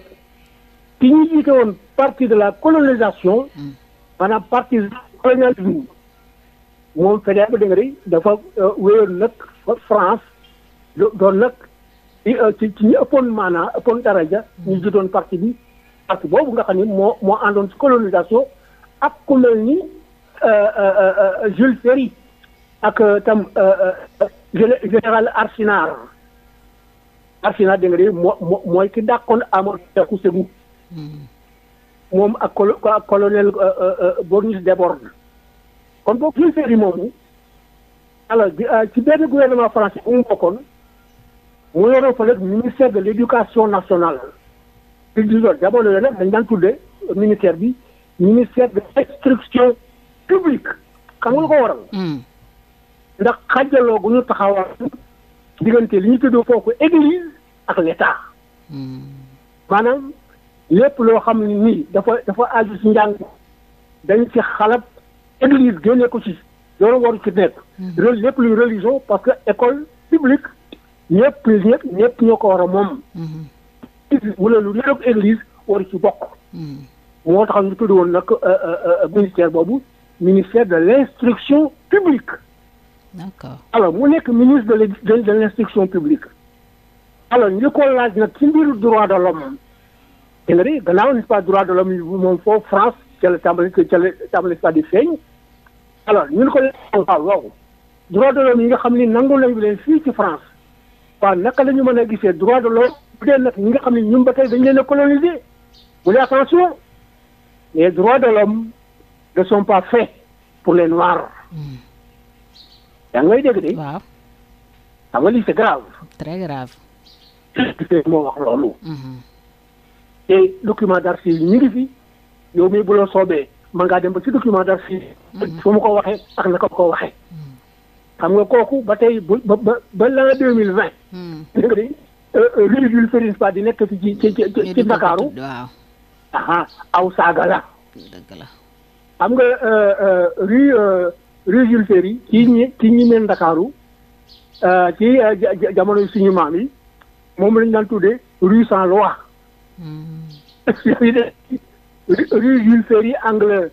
ki ñu jiite woon parti de la colonisation. maanaam parti colonialisme moom Faidherbe da nga dafa wéyoon nag France doon nag. Euh, ci ci ñi ëppoon maanaa ëppoon daraja ñu jiitoon parti bi parti boobu nga xam ni moo moo àndoon ci colonisation ak ku mel ni euh, euh, Jules Ferry ak tam général Archinard Archinard da dee moo mooy ki dàqoon Amadou Sékou Sékou moom ak colonel Maurice Desbordes kon boobu Jules Ferry moomu alors ci benn gouvernement français bu mu bokkoon mu yore fa nag ministère de l' éducation nationale culture d'abord la nag dañ daan tuddee ministère bi ministère de l'instruction publique xam nga lu ko waral. Hmm. ndax xajaloo gu ñu taxawal diggante li ñu tuddee foofu église ak l' état. Hmm. maanaam lépp loo xam ne nii dafa dafa aju si njàng dañ ci xalab église génne ko ci loolu waru ci nekk. Hmm. lépp lu religion parce que école publique. ñëpp ñëpp ñëpp ñoo ko war a moom. Mhm. wala lu léeg église war ci bokk. Mhm. moo tax ñu tudd woon nag euh, euh, euh, ministère boobu ministère de l' instruction publique. alors mu nekk ministre de l' de l' instruction alors ñu ko laaj nag ci mbiru droit de l'homme te nga di gannaaw n'est-ce pas droit de l'homme yi moom foofu France ca la tàmbali ca di feeñ alors ñun ko waaw waaw droit de l'homme nga xam ni nangu nañu leen fii ci France waaw naka la ñu mën a gisee droit de l'homme bu dee nag ñi nga xam ne ñun ba tey dañu leen a coloniser mu ne attention les droits de l'homme ne sont pas faits pour les noirs. Hmm. yaa ngay dégg de. waaw xam nga lii c'est grave. très grave. moo wax loolu. Hmm. te document d'archive yi fi yow mii bu la soobee mën ngaa dem ba ci document d'archive. Hmm. fu mu ko waxee ak naka ko waxe xam nga kooku ba tey ba ba ba l'an deux mille vingt. Hmm. dégg nga Serigne euh, euh, Fall di nekk fi ci ci ci ci Ndakaaru. aha aw saaga xam nga euh, rue rue Jules Ferry ci ñi ci ñi Ndakaaru ci jamono suñu maam yi moom lañ daan tuddee rue sans loi. Hmm. [LAUGHS] rue Jules Ferry angle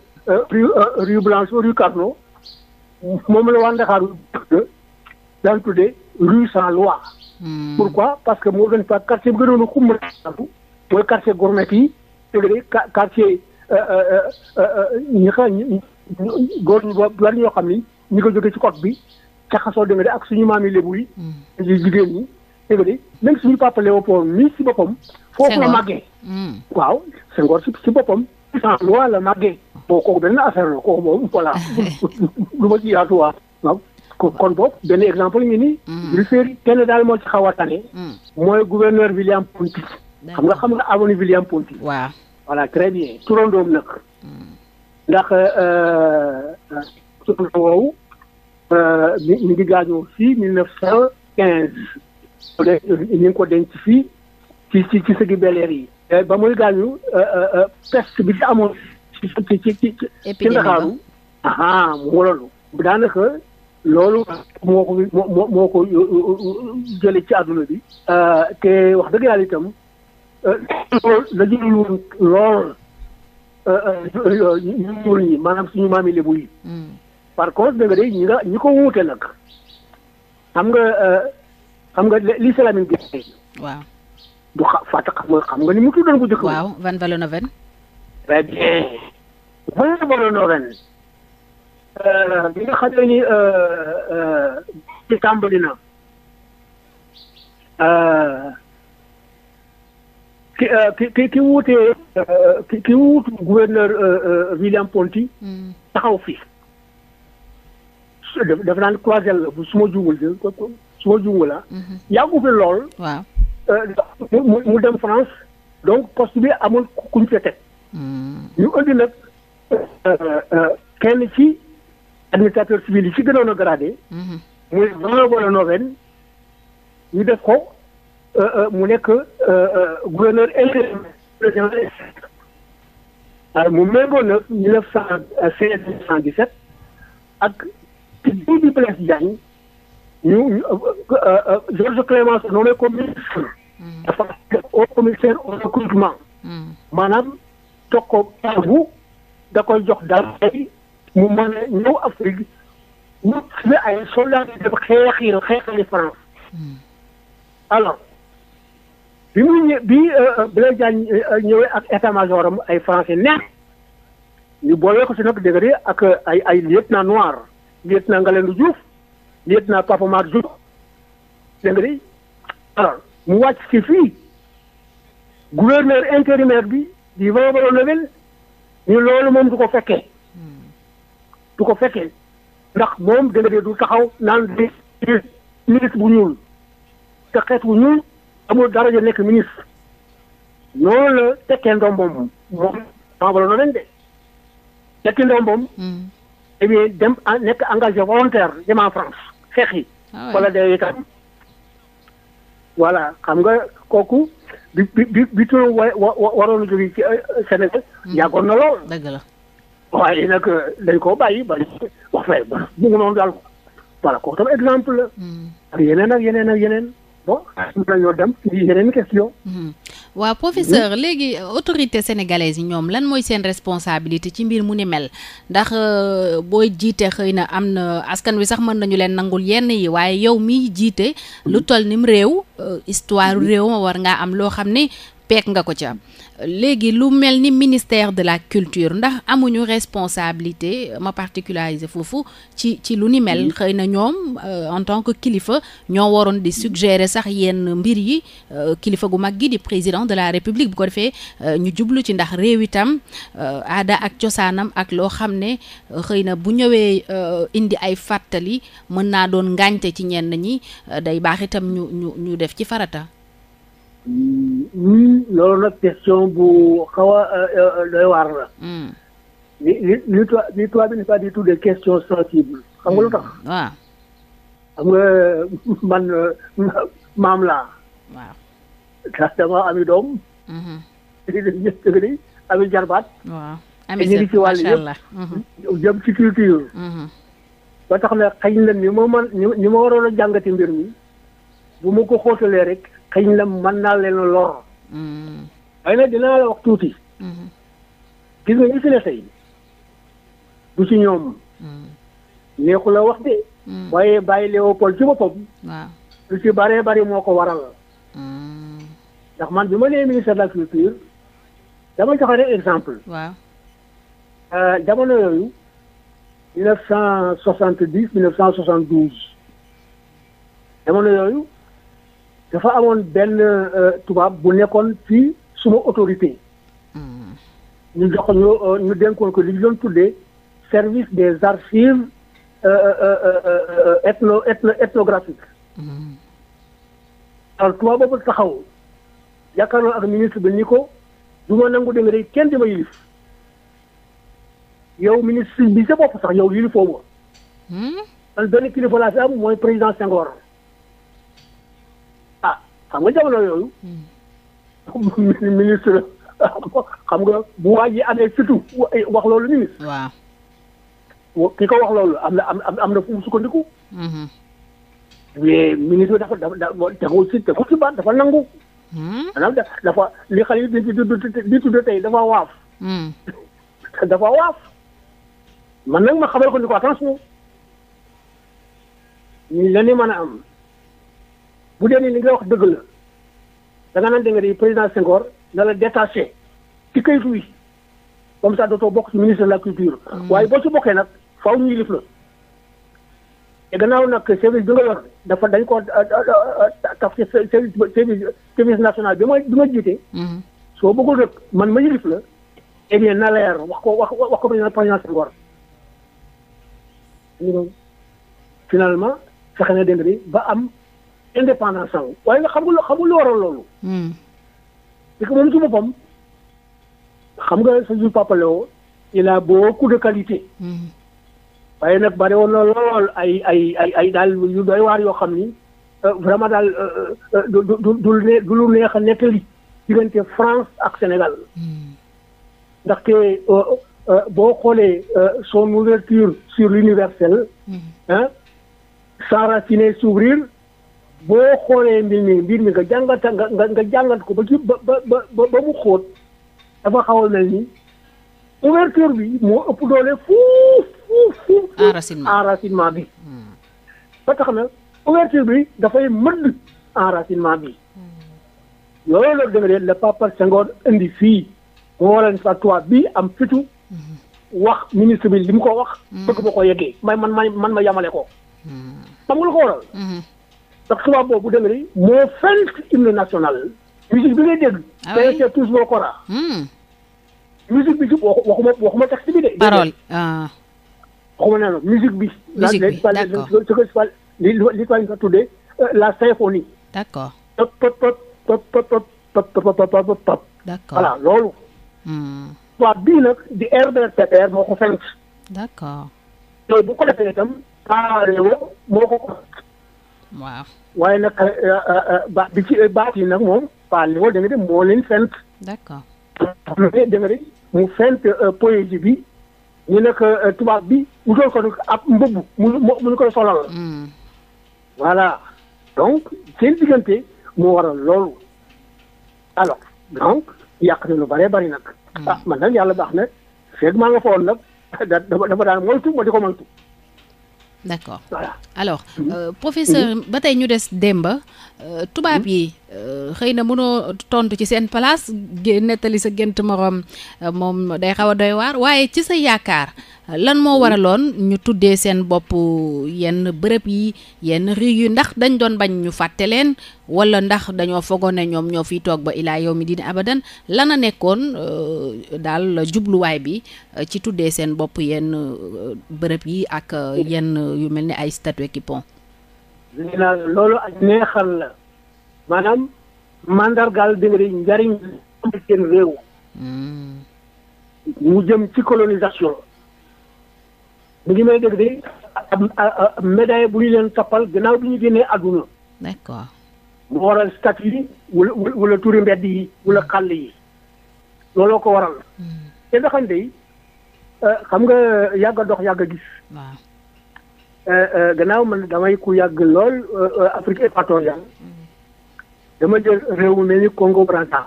rue Blanchot rue Carnot. moom la waa Ndakaaru daan tuddee rue sans loi. Hmm. pourquoi parce que moo gën fa quartier bu gënoon a xum rek. mooy quartier gourmet yi. te quartier euh, euh, euh, ñi xa ñi góor ñu bari yoo xam ni ñi ko jógee ci côte bi caxasoo dégg de ak suñu maam yi lébu yi. yi hmm. jigéen ñi dégg nga de même papa Léopold mii si boppam. foofu la màggee. Hmm. waaw Senghor si si boppam sans loi la màggee. bon kooku benn affaire la moom voilà [LAUGHS] lu ma ci yaatuwaat kon boobu benn exemple ñu ni mm. lu féeri kenn daal moo ci xaw mm. mooy gouverneur William Ponty xam nga xam nga amoon William Ponty waa wala très bien turandoom nag mm. ndax euh, euh, turandoo woowu euh, mi ngi gaañoo fii mille neuf cent quinze ñu ko denc fii ci ci ci sëgi beleer ba muy gaañu peste bi ci ci ci ci aha mu woloolu daanaka loolu moo ko moo ko euh, euh, euh, jële ci àdduna bi te wax dëgg yàlla itam loolu la jëlul woon lool ñu ñuul ñi maanaam suñu maami lébu yi hmm. par contre da nga ñi nga ñi ko wuute nag xam nga xam nga li Salamine waaw du xa fàtte xam nga xam nga ni mu tuddoon ko jëkk waaw Van Vollenhoven très bien bu ñu mënoonoo ren bi nga xamee ni ci tàmbali na ki ki ki wuutee ki ki wuutu e, e, William Ponty hmm. taxaw fi dafa naan Croiselle la bu su ma juumul su ma juumul la mhm. yàggu fi lool euh, mu dem France donc post bi amul kuñ fi hmm. ñu indi nag Euh, euh, euh, kenn ci administrateur civil yi ci gënoon a gradé. Mhm. muy vingt wala novembre ñu def ko mu nekk gouverneur intérieur président waaye mu méngoo na mille neuf cent seize dix-sept ak ci biir Blaise Diagne ñu Georges Clémenceau nommé comme ministre mhm. dafa au commissaire au recrutement mhm. maanaam ko bu da koy jox dal tey mu mën a ñëw Afrique mu ay soldats yi dem xeexi xeexali France alors bi mu bi euh, euh, Blaise Diagne euh, ñëwee ak état major am ay français neex ñu boolee ko si nag dégg ak ay ay lieutenant noir lieutenant Ngalandou Diouf lieutenant Papa Mar Diouf dégg alors mu wàcc si fii gouverneur intérimaire bi di Van Braunewel ñu loolu moom du ko fekkee du ko fekkee ndax moom danga dee du taxaw naan di ministre bu ñuul te xeet bu ñuul amul dara ja nekk ministre noonu la tekkee ndombom moom envalo na leen de tekki ndombom hmm. eh bien dem nekk engage volontaire dem en France xeex yi ah wala dee itam voilà xam nga kooku bi bi bi turam wa wa waroon a jógee ci euh, euh, Sénégal. Hmm. yàggoon na lool. la. waaye nag euh, dañ koo bàyyi ba wax fay ba ko ngi noonu daal voilà kooku tam exemple la. Hmm. ak yeneen ak yeneen ak yeneen. bon mhm. waaw professeur léegi euh, autorité sénégalaise yi ñoom lan mooy seen responsabilité ci mbir mu ni mel ndax euh, booy jiite xëy na am na askan wi sax mën nañu leen nangul yenn yi waaye yow miy jiite lu mhm. toll nim réew euh, histoire mhm. réew ma war ngaa am loo xam ni peek nga ko ca léegi lu mel ni ministère de la culture ndax amuñu responsabilité ma particulariser foofu ci ci lu ni mel xëy na ñoom euh, en tant que kilifa ñoo waroon di suggérer sax yenn mbir yi euh, kilifa gu mag gi di président de la république bu ko defee euh, ñu jublu ci ndax réew itam aada ak cosaanam ak loo xam ne xëy na bu ñëwee indi ay fàttali mën naa doon ngànte ci ñeen ñi day baax itam ñu ñu ñu def ci farata loolu nag question bu xaw a euh, euh, doy waar la. li li li toi li toi bi pas du tout des lu tax. Hmm. waaw. xam nga [LAUGHS] man euh, [LAUGHS] maam laa. waaw. ndax dama ami doom. Hmm. [LAUGHS] ami jarbaat. waaw ami sëb ci wàll yëpp hmm. culture. ba tax na xëy na ni ma man ni ma waroon a jàngati mbir mi bu ma ko xóotalee rek. xëy la man naa leen lor. waaye nag dinaa la wax tuuti. gis nga ñu fi ne tey du ci ñoom. neexu wax de. waaye bàyyi Léopold ci boppam. waaw lu ci baree bari moo ko waral. ndax man bi ma nee minister la culture dama joxe rek exemple. waaw euh, jamono yooyu. 1970 1972 jamono yooyu. dafa amoon benn euh, tubaab bu nekkoon fii suma autorité hmm. ñu jox ñu euh, ñu dénkoon ko li ñu doon tuddee service des archives euh, ethno ethno ethnographique hmm. alors tubaab boobu taxaw yaakaaroon ak ministre bi ni ko du ma nangu dégg nga kenn di ma yilif yow ministre bi sa bopp sax yow yilifoo ma hmm. man benn kilifa laa fi am mooy président Senghor xam nga jamono yooyu. ministre xam nga bu waa ji amee surtout wax loolu ministre. waaw ki ko wax loolu am na am am na fu mu sukkandiku. Mm-hmm. mais ministre dafa dafa dafa aussi dafa ci baat dafa nangu. Mm-hmm. maanaam dafa li xale yi di tudd di tudd tey dafa waaf. Mm. [LAUGHS] dafa waaf. man nag ma xamal ko ni ko attention. ñu la ni mën a am. bu dee ni li nga wax dëgg la da nga naan da nga di président Senghor na la détaché ci wi comme ça dootoo bokk ci ministre la culture. Hmm. waaye boo ci bokkee nag faaw ñu yilif la. te gannaaw nag service bi nga yor dafa dañ ko euh, euh, euh, service service service bi ma jiite. Hmm. soo bëggul rek man ma yilif la. eh na leer wax ko wax wax ko président président Senghor. finalement fexe na dégg ba am. indépendance am waaye nga xam nga xam nga lu waral loolu. Hmm. parce que moom ci boppam xam nga sa jur Papa Léo il beaucoup de qualité. Hmm. waaye nag bari woon na lool ay ay ay ay daal yu doy waar yoo xam ni euh, vraiment daal euh, euh, du du du du lu neex a diggante France ak Sénégal. Hmm. ndaxte boo xoolee son ouverture sur l'universel. sans raciner s'ouvrir boo xoolee mbir mi mbir mi nga jàngata nga nga jàngat ko ba ci ba ba ba mu xoot dafa xaw a mel ni ouverture bi moo ëpp doole fuuf fuuf fuuf. enracinement bi. Hmm. ba na ouverture bi dafay mëdd enracinement bi. Hmm. loolu la dëgg la Papa Senghor indi fii moo leen fatwa bii am fitu hmm. wax ministre bi li mu ko wax. bëgg ba ko yeggee may man may man ma yamale ko. xam nga lu ko waral. ndax tubaab boobu bu demee moo fent hymne national musique bi ngay dégg. ah oui c'est toujours le Coran. bi la musique bi. musique bi li li li ko tuddee la symphonie. d'accord. pop pop pop pop pop pop d'accord voilà loolu. waaw bii nag di RBPR moo ko fent. d'accord. loolu bu ko defee itam. ah waaw waaye nag eh, eh, eh, ba bi ci baat yi nag moom parle woo da nga dem moo leen fent. d'accord da nga mu fent poésie bi ñu nekk tubaab bi mu wutal ko ab mbëb mu mu koy solal. Hmm. voilà donc seen diggante moo waral loolu alors donc yàq na lu bëree bari nag. Hmm. ah man nag yàlla baax na feeg maa nga foon nag [LAUGHS] da dafa daan moytu ma di ko moytu. d' accord voilà alors mm-hmm. euh, mm-hmm. ba tey ñu des Demba euh, tubaab yi Euh, xëy na mënoo tontu ci seen place nettali sa gént moroom euh, moom day xaw a doy waar waaye ci sa yaakaar euh, lan moo waraloon ñu tuddee seen bopp yenn bërëb yi yenn rue yi ndax dañ doon bañ ñu fàtte leen wala ndax dañoo fogoon ne ñoom ñoo fi toog ba ilaa yow mi dina abadan lan a nekkoon daal jubluwaay bi ci tuddee seen bopp yenn bërëb yi ak yenn yu mel ni ay statue ki loolu ak neexal maanaam mandargaal dëgëri njariñ seen réew hmm. mu jëm ci colonisation mu ngi may dégg de ab médaille bu ñu leen tappal gannaaw bi ñu génnee àdduna d'accord mu waral statue yi wala wala turi mbedd yi wala xàll hmm. yi looloo ko waral hmm. te daxande yi euh, xam nga yàgg dox yàgg a gis euh, euh, gannaaw man damay ku yàgg lool Afrique équatoriale dama jël réew mu mel ni Congo Brazza.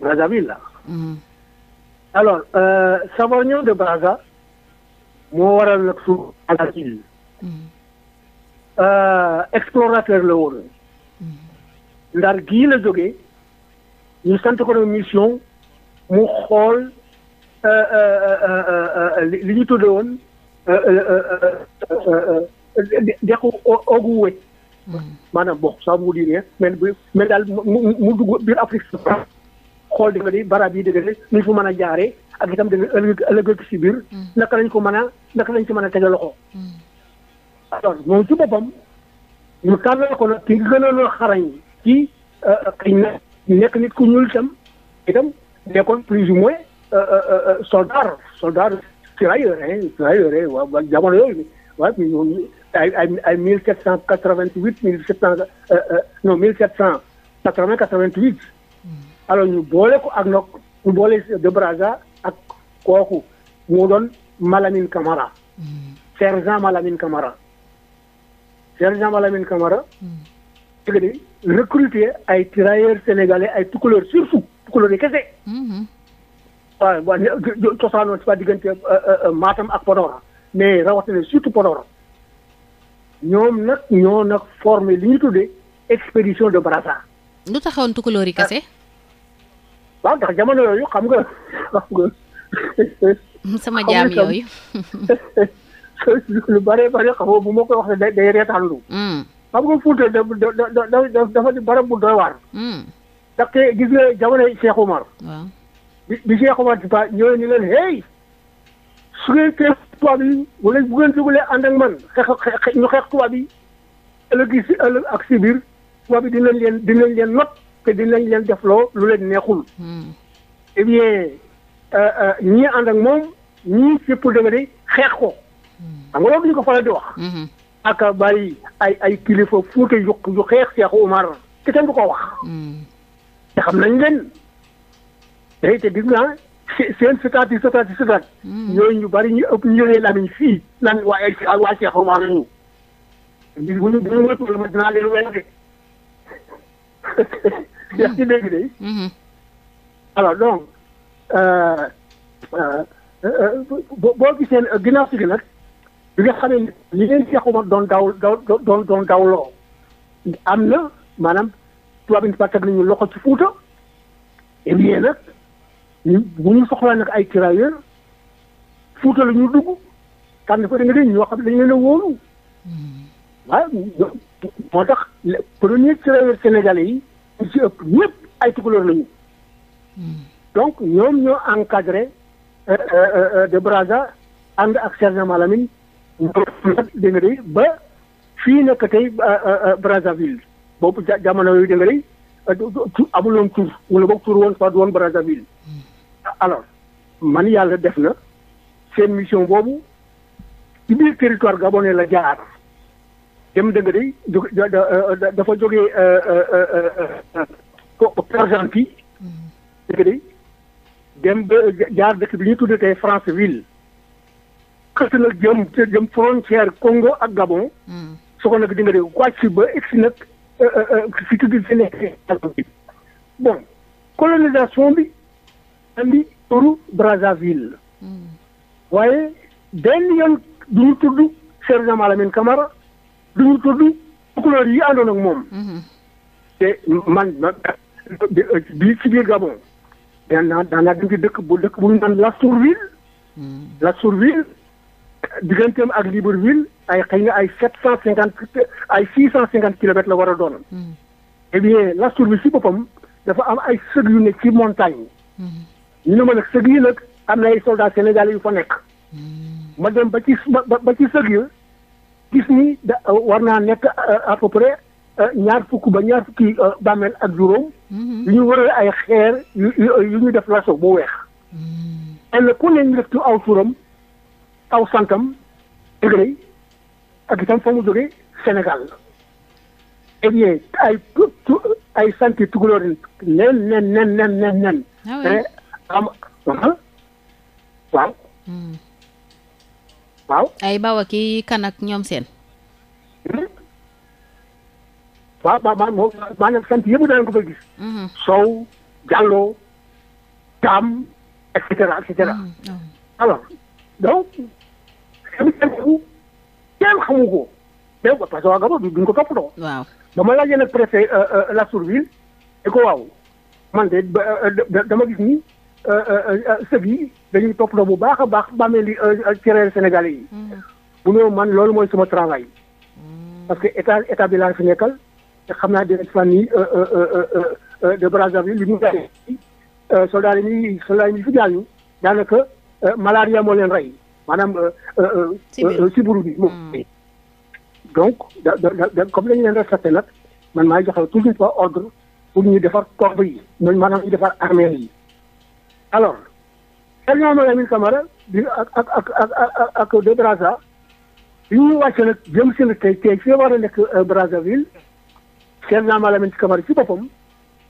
Brazzaville la. alors Savognin de Brazza moo waral nag suuf explorateur la woon. ndar gii la jóge ñu sant ko nag mission mu xool li ñu tuddee woon dexu ogu wëj maanaam bo ça veut dire mais mais daal mu mu dugg biir Afrique xool dëgg di barab yi dëgg ni ñu fa mën a jaaree ak itam dëgg ëllëg ci biir mm. naka lañ ko mën a naka lañ ci mën a tege loxo. Mm. alors moom ci boppam ñu tànnal ko nag ki gën a xarañ ci euh, euh, xëy na nekk nit ku ñuul itam itam nekkoon plus ou moins euh, soldat soldat tirailleur hein tirailleur waaw jamono yooyu waaw ay ay ay mille sept cent quatre vingt huit mille sept cent euh, euh, non mille sept quatre vingt quatre vingt huit alors ñu boole ko ak nag ñu boole de ak kooku mu doon Malamine Camara. sergent Malamine Camara. sergent Malamine Camara. dégg nga ni recruter ay tirailleurs sénégalais ay tukulóor surtout tukulóor yi kese. waaw waaw cosaanoo ci waa diggante euh, Matam ak Podor mais rawatina surtout Podor. ñoom nag ñoo nag formé li ñu tuddee expédition de brassard. lu taxawoon tukulóor yi kese. Ah. waaw ndax jamono yooyu xam nga xam sama jaam yooyu. [LAUGHS] lu bare bare xam nga bu ma koy wax day day reetaan lu. Mm. xam nga Fuuta dafa dafa di barab bu doy waar. Mm. ndaxte gis nga jamonoy Cheikh Umar. waaw bi bi Cheikh Umar di ba leen hey tubaab wala mu leen bu ngeen jógulee ànd man xeex xeex ñu xeex tubaab yi ëllëg ak si biir di nañ leen dinañ leen not te dinañ leen defloo lu leen neexul. Hmm. eh ñi euh, euh, ñii ànd ak moom ñii fépp dëgg de xeex ko. Hmm. xam nga loolu ñu ko faral di wax. Hmm. ak bari ay ay kilifa fuute yu yu xeex Seexu Umar te kenn du ko wax. te xam nañ leen. te te naa. seen sëtaat yi sëtaat yi sëtaat ñooñu hmm. ñu bari ñu ëpp ñu yoree lamiñ fii lan waaye ak waa Cheikh Omar lañu bi bu ñu bu ñu wëtul ma dinaa leen wér de Cheikh ci léegi de hmm. alors donc euh, euh, euh, boo gisee ginnaaw si gi nag bi nga xamee ne li leen Cheikh Omar doon daw doon doon dawloo am na maanaam tubaab bi ñu fàttali loxo ci Fuuta et eh bien nag ñu bu ñu soxlaa nag ay tirailleurs Fuuta la ñu dugg tànn fa da nga ñoo xam dañu leen a wóolu hmm. moo tax premier tirailleurs sénégalais yi ñu ci ëpp ñëpp ay tukulóor lañu hmm. donc ñoom ñoo encadré euh, euh, euh, de Brazza ànd ak Serge Malamine dégg nga day ba fii nekk tey Brazzaville boobu jamono yooyu dégg nga day amuloon tur wala boog tur woon soit woon Brazzaville hmm. alors man yàlla def na seen mission boobu ci biir territoire gabonais la jaar dem dëgg day euh, dafa jógee euh, euh, Argentine dëgg day dem ba jaar dëkk bi ñu tuddee tey Franceville xës nag jëm jëm frontière Congo ak Gabon su ko nag di nga dégg ba egsi nag fi tudd fi nekk bon colonisation bi andi turu Brazzaville. Hmm. waaye benn yoon du ñu tudd sergent Malamine Camara du ñu tudd couleur yi àndoon ak moom. Hmm. te man bii ci biir Gabon. daan naa dem ci dëkk bu dëkk bu ñu naan Lassourville. Hmm. Lassourville digganteem ak Libreville ay xëy na ay sept cent cinquante ay six cent cinquante kilomètres la war a doon. eh bien Lassourville ci boppam dafa am ay sëg yu ne ci montagne. ñu ne ma nag sëg yi nag am na ay soldats sénégalais yu fa nekk ma ba ci ba ci sëg ya gis ni war naa nekk à près ñaar fukk ba ñaar fukki bàmmeel ak juróom yu ñu wërale ay xeer yu ñu def laso bu weex kenn ku ne ñu def tu aw turam aw santam degré ak itam fa mu jógee Sénégal eh bien ay ay santi tugaloo nen nen nen nen nen nen waaw. waaw. ay bawa ki kan ak ñoom seen. waaw waaw maanaam sant yëpp daan ko fa gis. Sow Diallo Thiam et cetera et donc. kenn xamu ko. mais duñ ko toppatoo. waaw ba ma laajee nag préfet Lasourville. di ko waaw man de dama gis ni. sëb yi dañuy toppatoo bu baax a baax bàmmeel yi céréales sénégalais yi. bu noonu man loolu mooy sama travail. parce que état état bi laa fi nekkal te xam naa dina fan yi de Brazzaville li mu gaañee soldats yi ñuy soldats yi ñu daanaka malaria moo leen rey maanaam. sibiru bi moom. donc da da da comme dañu leen respecté nag man maay joxe toujours pas ordre pour ñu defar tomb yi ñooñu maanaam ñu defar armée yi. alors Thierno Lamine Camara bi ak ak ak ak de Brazza bi ñu wàcc nag jëm si tey tey fi war a nekk euh, Brazzaville Thierno Lamine Camara ci boppam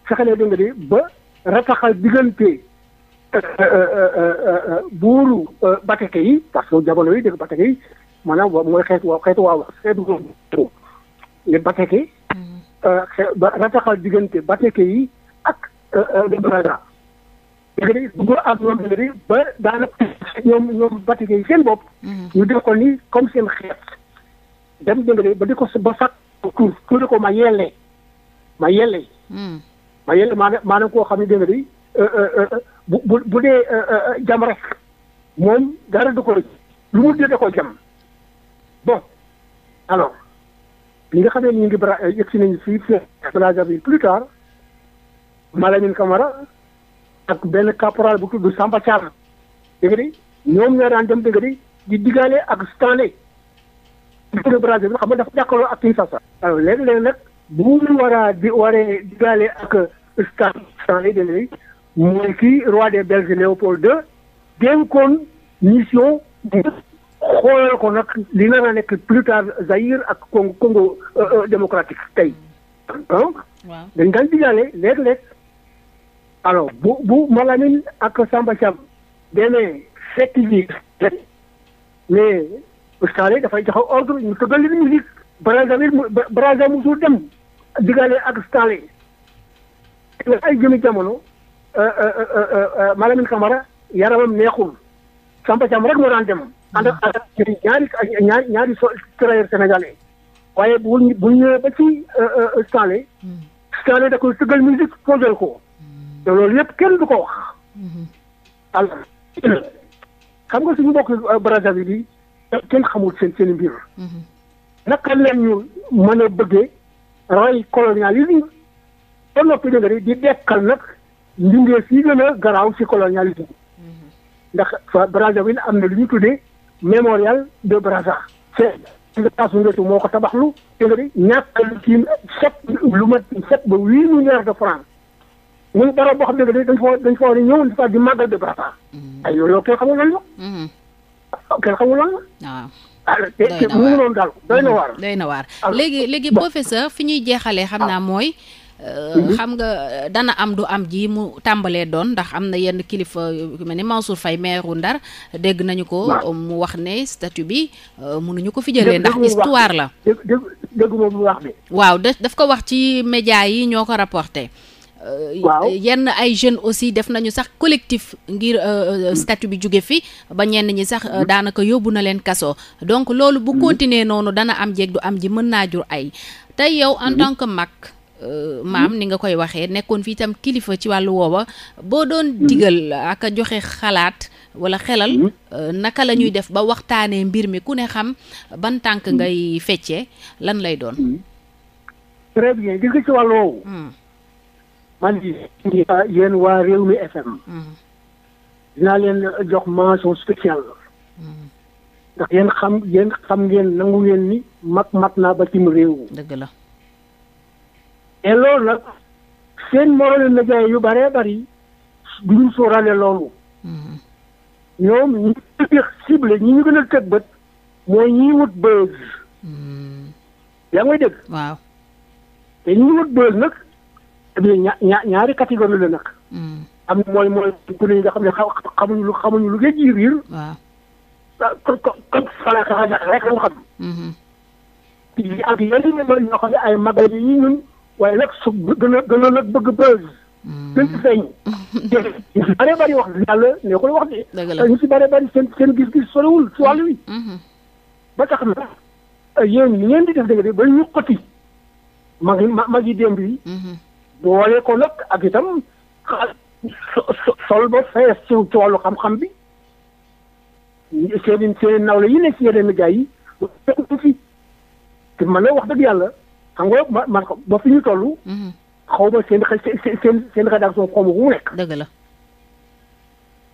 fexe na dégg di ba rataxal diggante euh, euh, buuru yi parce que jamono yi dégg bateke yi maanaam mooy xeet waa xeetu waaw xeetu nga mm. diggante bateke léegi dañuy dugg ak ñoom léegi ba daanaka ñoom ñoom Vatican yi seen bopp. Mhm. ñu def ko ni comme seen xeet. dem dégg ba di ko ba fàq tur tuuti ko ma yelle ma yelle. Mhm. ma yelle maanaam maanaam koo xam ne dégg nga euh, euh, euh, bu bu bu dee jam rek moom dara du ko lu mu dee da ko jam bon alors li nga xam ne ñu ngi bara yegg si nañu fii fii plus tard Malamine Camara. ak benn caporal bu tudd Samba Thiam dégg nga ni ñoom ñoo daan dem dégg nga ni di digaale ak Stanley. de Brazzaville xam nga dafa jàkkaarloo ak Kinshasa. alors léeg-léeg nag bu mu war a di waree digaale ak Stanley dégg nga mooy kii roi des Belges ko nag li nar a nekk plus tard Zaïre ak Congo Congo euh, euh, démocratique tey. waaw dañ daan digaale léeg-léeg. alors bu bu Malamine ak Samba Thiam demee fekk ji mais ustaale dafay joxe ordre ñu tëggal leen musique Brazzaville Brazza musul dem diggale ak jamono euh, euh, euh, Malamine Camara yaramam neexul Samba Thiam rek moo daan dem ànd ak ñaari ñaari ñaari tirailleurs sénégalais waaye bu bu ñëwee ba ci ustaale hmm. ustaale da koy tëggal musique foo jël ko te loolu yëpp kenn du ko wax. Mhm. alors xam nga suñu mbokk euh, Brazzaville yi kenn xamul seen seen mbir. Mhm. naka leen ñu mën a bëggee roy colonialisme ba noppi da nga di dekkal nag ndingee fii gën a garaaw si colonialisme mhm. ndax Brazzaville am na lu ñu tuddee mémorial de Brazza c'est nga taasu ngétu moo ko tabaxlu da nga di ñàkkal ci sept lu mat set ba huit milliards de francs muy dara boo xam ne dañ dañ fa war a ñëw di fa di màggal de Brapha. Mm-hmm. Mm-hmm. la. waaw. Ah, na waar mu ngi noonu daal doy ah. fi ñuy jeexalee xam naa ah. mooy. Mm-hmm. Euh, xam nga dana am du am ji mu tàmbalee doon ndax am na yenn kilifa yu mel ni Mansour Faye maire Ndar dégg nañu ko. mu wax ne statu bi euh, mënuñu ko fijalee ndax histoire la dégg dégg moom waaw daf ko wax ci média yi ñoo ko rapporté. Euh, waaw yenn ay jeunes aussi def nañu sax collectif ngir euh, euh, statut bi jóge fi ba ñenn ñi sax daanaka yóbbu na leen kaso donc loolu bu continuer noonu dana am jeeg du am ji mën naa jur ay tey yow en tant que mag maam ni nga koy waxee nekkoon fii itam kilifa ci wàllu woowa boo doon digal ak joxe xalaat wala xelal naka la ñuy def ba waxtaanee mbir mi ku ne xam ban tànk ngay feccee lan lay doon man di yéen waa réew mi FM. Hmm. dinaa leen jox mention spéciale. Hmm. ndax yéen xam yéen xam ngeen nangu ngeen ni mag mat naa ba tim réew. dëgg la. et loolu nag seen moroom liggéey yu bëree bëri du ñu sóoraale loolu. Hmm. ñoom ñi ñu cible ñi ñu gën a teg bët mooy ñi wut buzz. yaa ngi koy waaw te ñi wut buzz nag. bi ña ña ñaari catégorie la nag. Hmm. am na mooy mooy gune yi nga xam ne xamuñu lu xamuñu lu ngeen ji riir. waaw ah, kon kon kon xanaa xanaa rek la xam. yi ak yeneen i mooy ñoo xam ne ay mag la ñuy ñun waaye nag su gën a gën a nag bëgg buzz. Hmm. gën ci feeñ. [LAUGHS] ñu si bëree bëri wax yàlla ne ko wax de. dëgg la ñu si bëree bëri seen seen gis-gis soriwul si wàllu wi. Hmm. ba tax na yéen ñi ngeen di def dëgg de ba ñu xotti mag yi mag yi démb yi. boole ko nag ak itam sol ba fees ci wàllu xam-xam bi seen seen nawle yi nekk ci yeneen média yi fekkutu fi te man la wax dëgg yàlla xam nga ma man ba fi ñu toll mhm. xaw ma seen seen seen rédaction xaw ma fu mu nekk dëgg la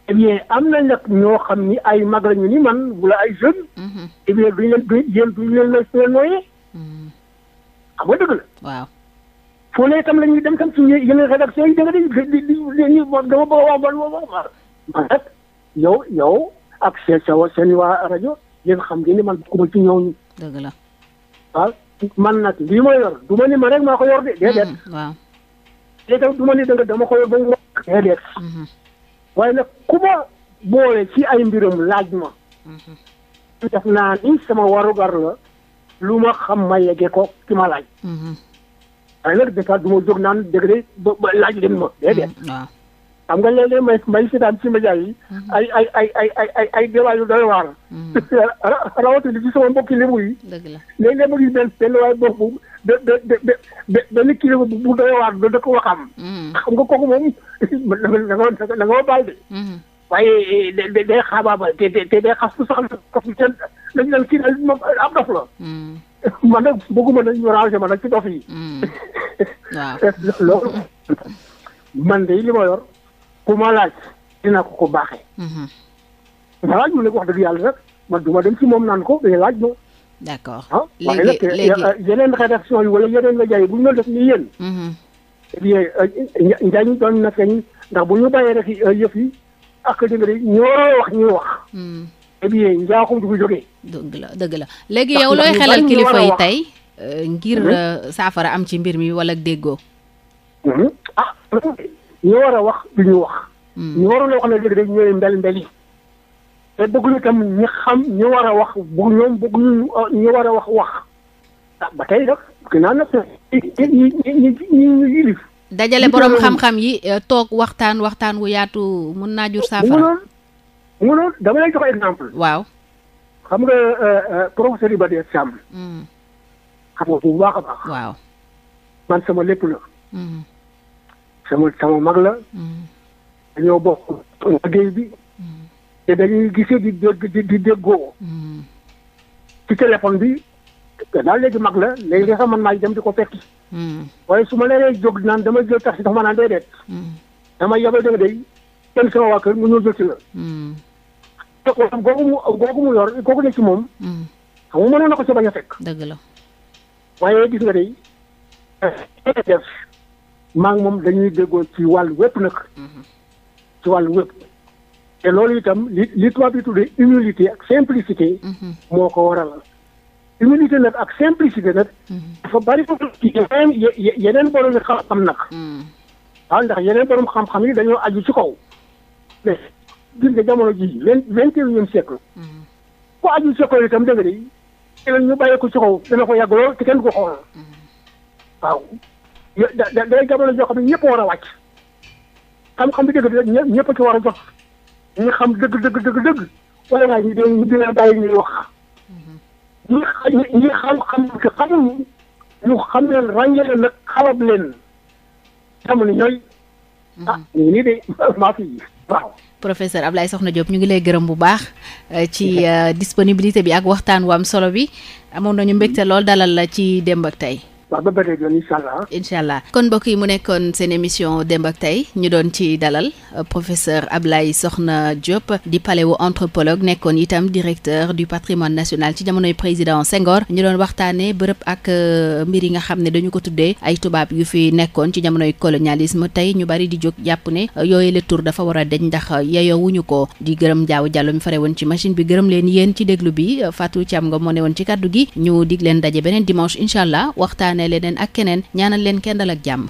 eh bien am na nag ñoo xam ni ay mag lañu ni man wala ay jeune mhm. eh bien duñu leen duñu leen duñu leen nooyee mhm. xam nga dëgg la waaw foo ne itam la ñuy dem tam suñu yeneen rédaction yi da nga di di di di dama bëgg a wax man wax man yow yow ak seen seen waa rajo yéen xam ngeen man ku ma ci ñëw. dëgg la. waaw man nag lii ma yor ma ni ma rek ko yor de déedéet. Mm-hmm. waaw léegi tam du ma ni ko yor ba mu wax déedéet. Mm-hmm. waaye ku ma boole ci ay mbiram laaj ma. Mm-hmm. def sama warugar la lu ma xam ma yeggee ko ki ma laaj. waaye nag des fois du ma jóg naan dëgg de ba ba laaj leen ma mm, déedéet. Mm, xam nga léeg-léeg may may seetaan ci média yi. Mm-hmm. ay ay ay ay ay ay ay débat yu doy waar. Mm. [LAUGHS] rawatina ci sama mbokki lébu yi. dëgg la léeg-léeg ma gis benn benn waaye boobu be be be be benn kilifa bu doy waar da da ko waxam. xam nga kooku moom da nga da nga da nga baal de. Mm-hmm. waaye day xaabaabal te te te day xas sax dafa dañ leen kii daal moom ab dof la. [LAUGHS] man nag bëgguma nag ñu rangé ma nag ci dof yi. Hmm. [LAUGHS] waaw loolu man de li ma yor ma laaj dina ko ko baaxee. Hmm. ma laaj mu ne wax dëgg yàlla nag man du ma dem ci moom naan ko day laaj ma. d'accord ah, léegi léegi ah yeneen rédaction yi wala yeneen média yi bu ñu doon def ni yéen. yéen hmm. eh euh, njaañu doon na feeñ ndax bu ñu bàyyee rek euh, yëf yi ak dégg wax ñuy wax. et dëgg la dëgg la léegi yow looy xelal kilifa yi tey. Euh, ngir hmm? euh, saafara am ci mbir mi wala déggoo. Hmm? Ah, ñu war a wax du wax. Hmm. ñu waroon a wax ne léegi a wax bu ñoom bëgguñu dajale borom xam-xam yi euh, toog waxtaan waxtaan wu yaatu mun naa jur saafara. mu noonu dama lay jox exemple. waaw. xam nga euh, euh, professeur Iba Samb. Mm. xam bu baax a baax. waaw man sama lépp la. Mm. sama sama mag la. Mm. dañoo bokk liggéey bi. te dañuy gisee di di déggoo. téléphone bi. daal léegi mag la léegi nga xam man maa di ko fekki. waaye su ma leenee jóg naan dama jël taxi sax ma naan déedéet. dama yabal dama day kenn sama waa kër mu ñëw jël si la. te kooku googu mu googu mu yor kooku ne ci moom. Hmm. xam nga mënoon na ko ca bañ a fekk. dëgg la. waaye gis nga day eh, eh, def maa moom dañuy déggoo ci wàllu wépp nag. Hmm. ci wàllu wépp. te loolu itam li li tubaab bi tuddee ak simplicité. Hmm. moo ko waral. humilité nag ak simplicité nag. dafa bari ko ci yeneen yeneen borom xam-xam nag. waaw ndax yeneen borom xam-xam yi dañoo aju ci kaw. gis nga jamono jii vingt vingt et unième siècle mm-hmm. ku aju sa kaw itam dëgg de ñu bàyyi ko ci kaw dana ko yàgg lool te kenn du ko xool mm-hmm. de da day jamono joo xam ne ñëpp war a wàcc xam-xam bi dëgg dëgg ci war a jot xam dëgg dëgg dëgg dëgg wala ñu dee ñu dina bàyyi ñuy wax mm-hmm. ñi xam-xam ci xamuñu ñu xam leen ràññee leen nag xalab leen jamono ñooy ah nii de [LAUGHS] maa fi waaw professeur Ablaye soxna Diop ñu ngi lay gërëm bu baax euh, ci [LAUGHS] euh, disponibilité bi ak waxtaan wu am solo bi amoon nañu mbégte lool dalal la ci démb ak tey waaw ba beneen incha allah. kon mbokk yi mu nekkoon seen émission démb ak tey ñu doon ci dalal euh, professeur ab Ablaye Sokhna Diop di paléoanthropologue nekkoon itam directeur du patrimoine national ci jamonoy président Senghor ñu doon waxtaanee bërëb ak euh, mbir yi nga xam ne dañu ko tuddee ay tubaab yu fi nekkoon ci jamonoy colonialisme tey ñu bari di jóg jàpp ne euh, yooyu la tur dafa war a deñ ndax yeyoowuñu ko di gërëm jaaw jàllo mi fare woon ci machine bi gërëm leen yéen ci déglu bi Fatou Thiam nga moo ne woon ci kaddu gi ñu dig leen daje beneen dimanche incha allah waxtaan waxtaanee leneen ak keneen ñaanal leen kenn dal ak jàmm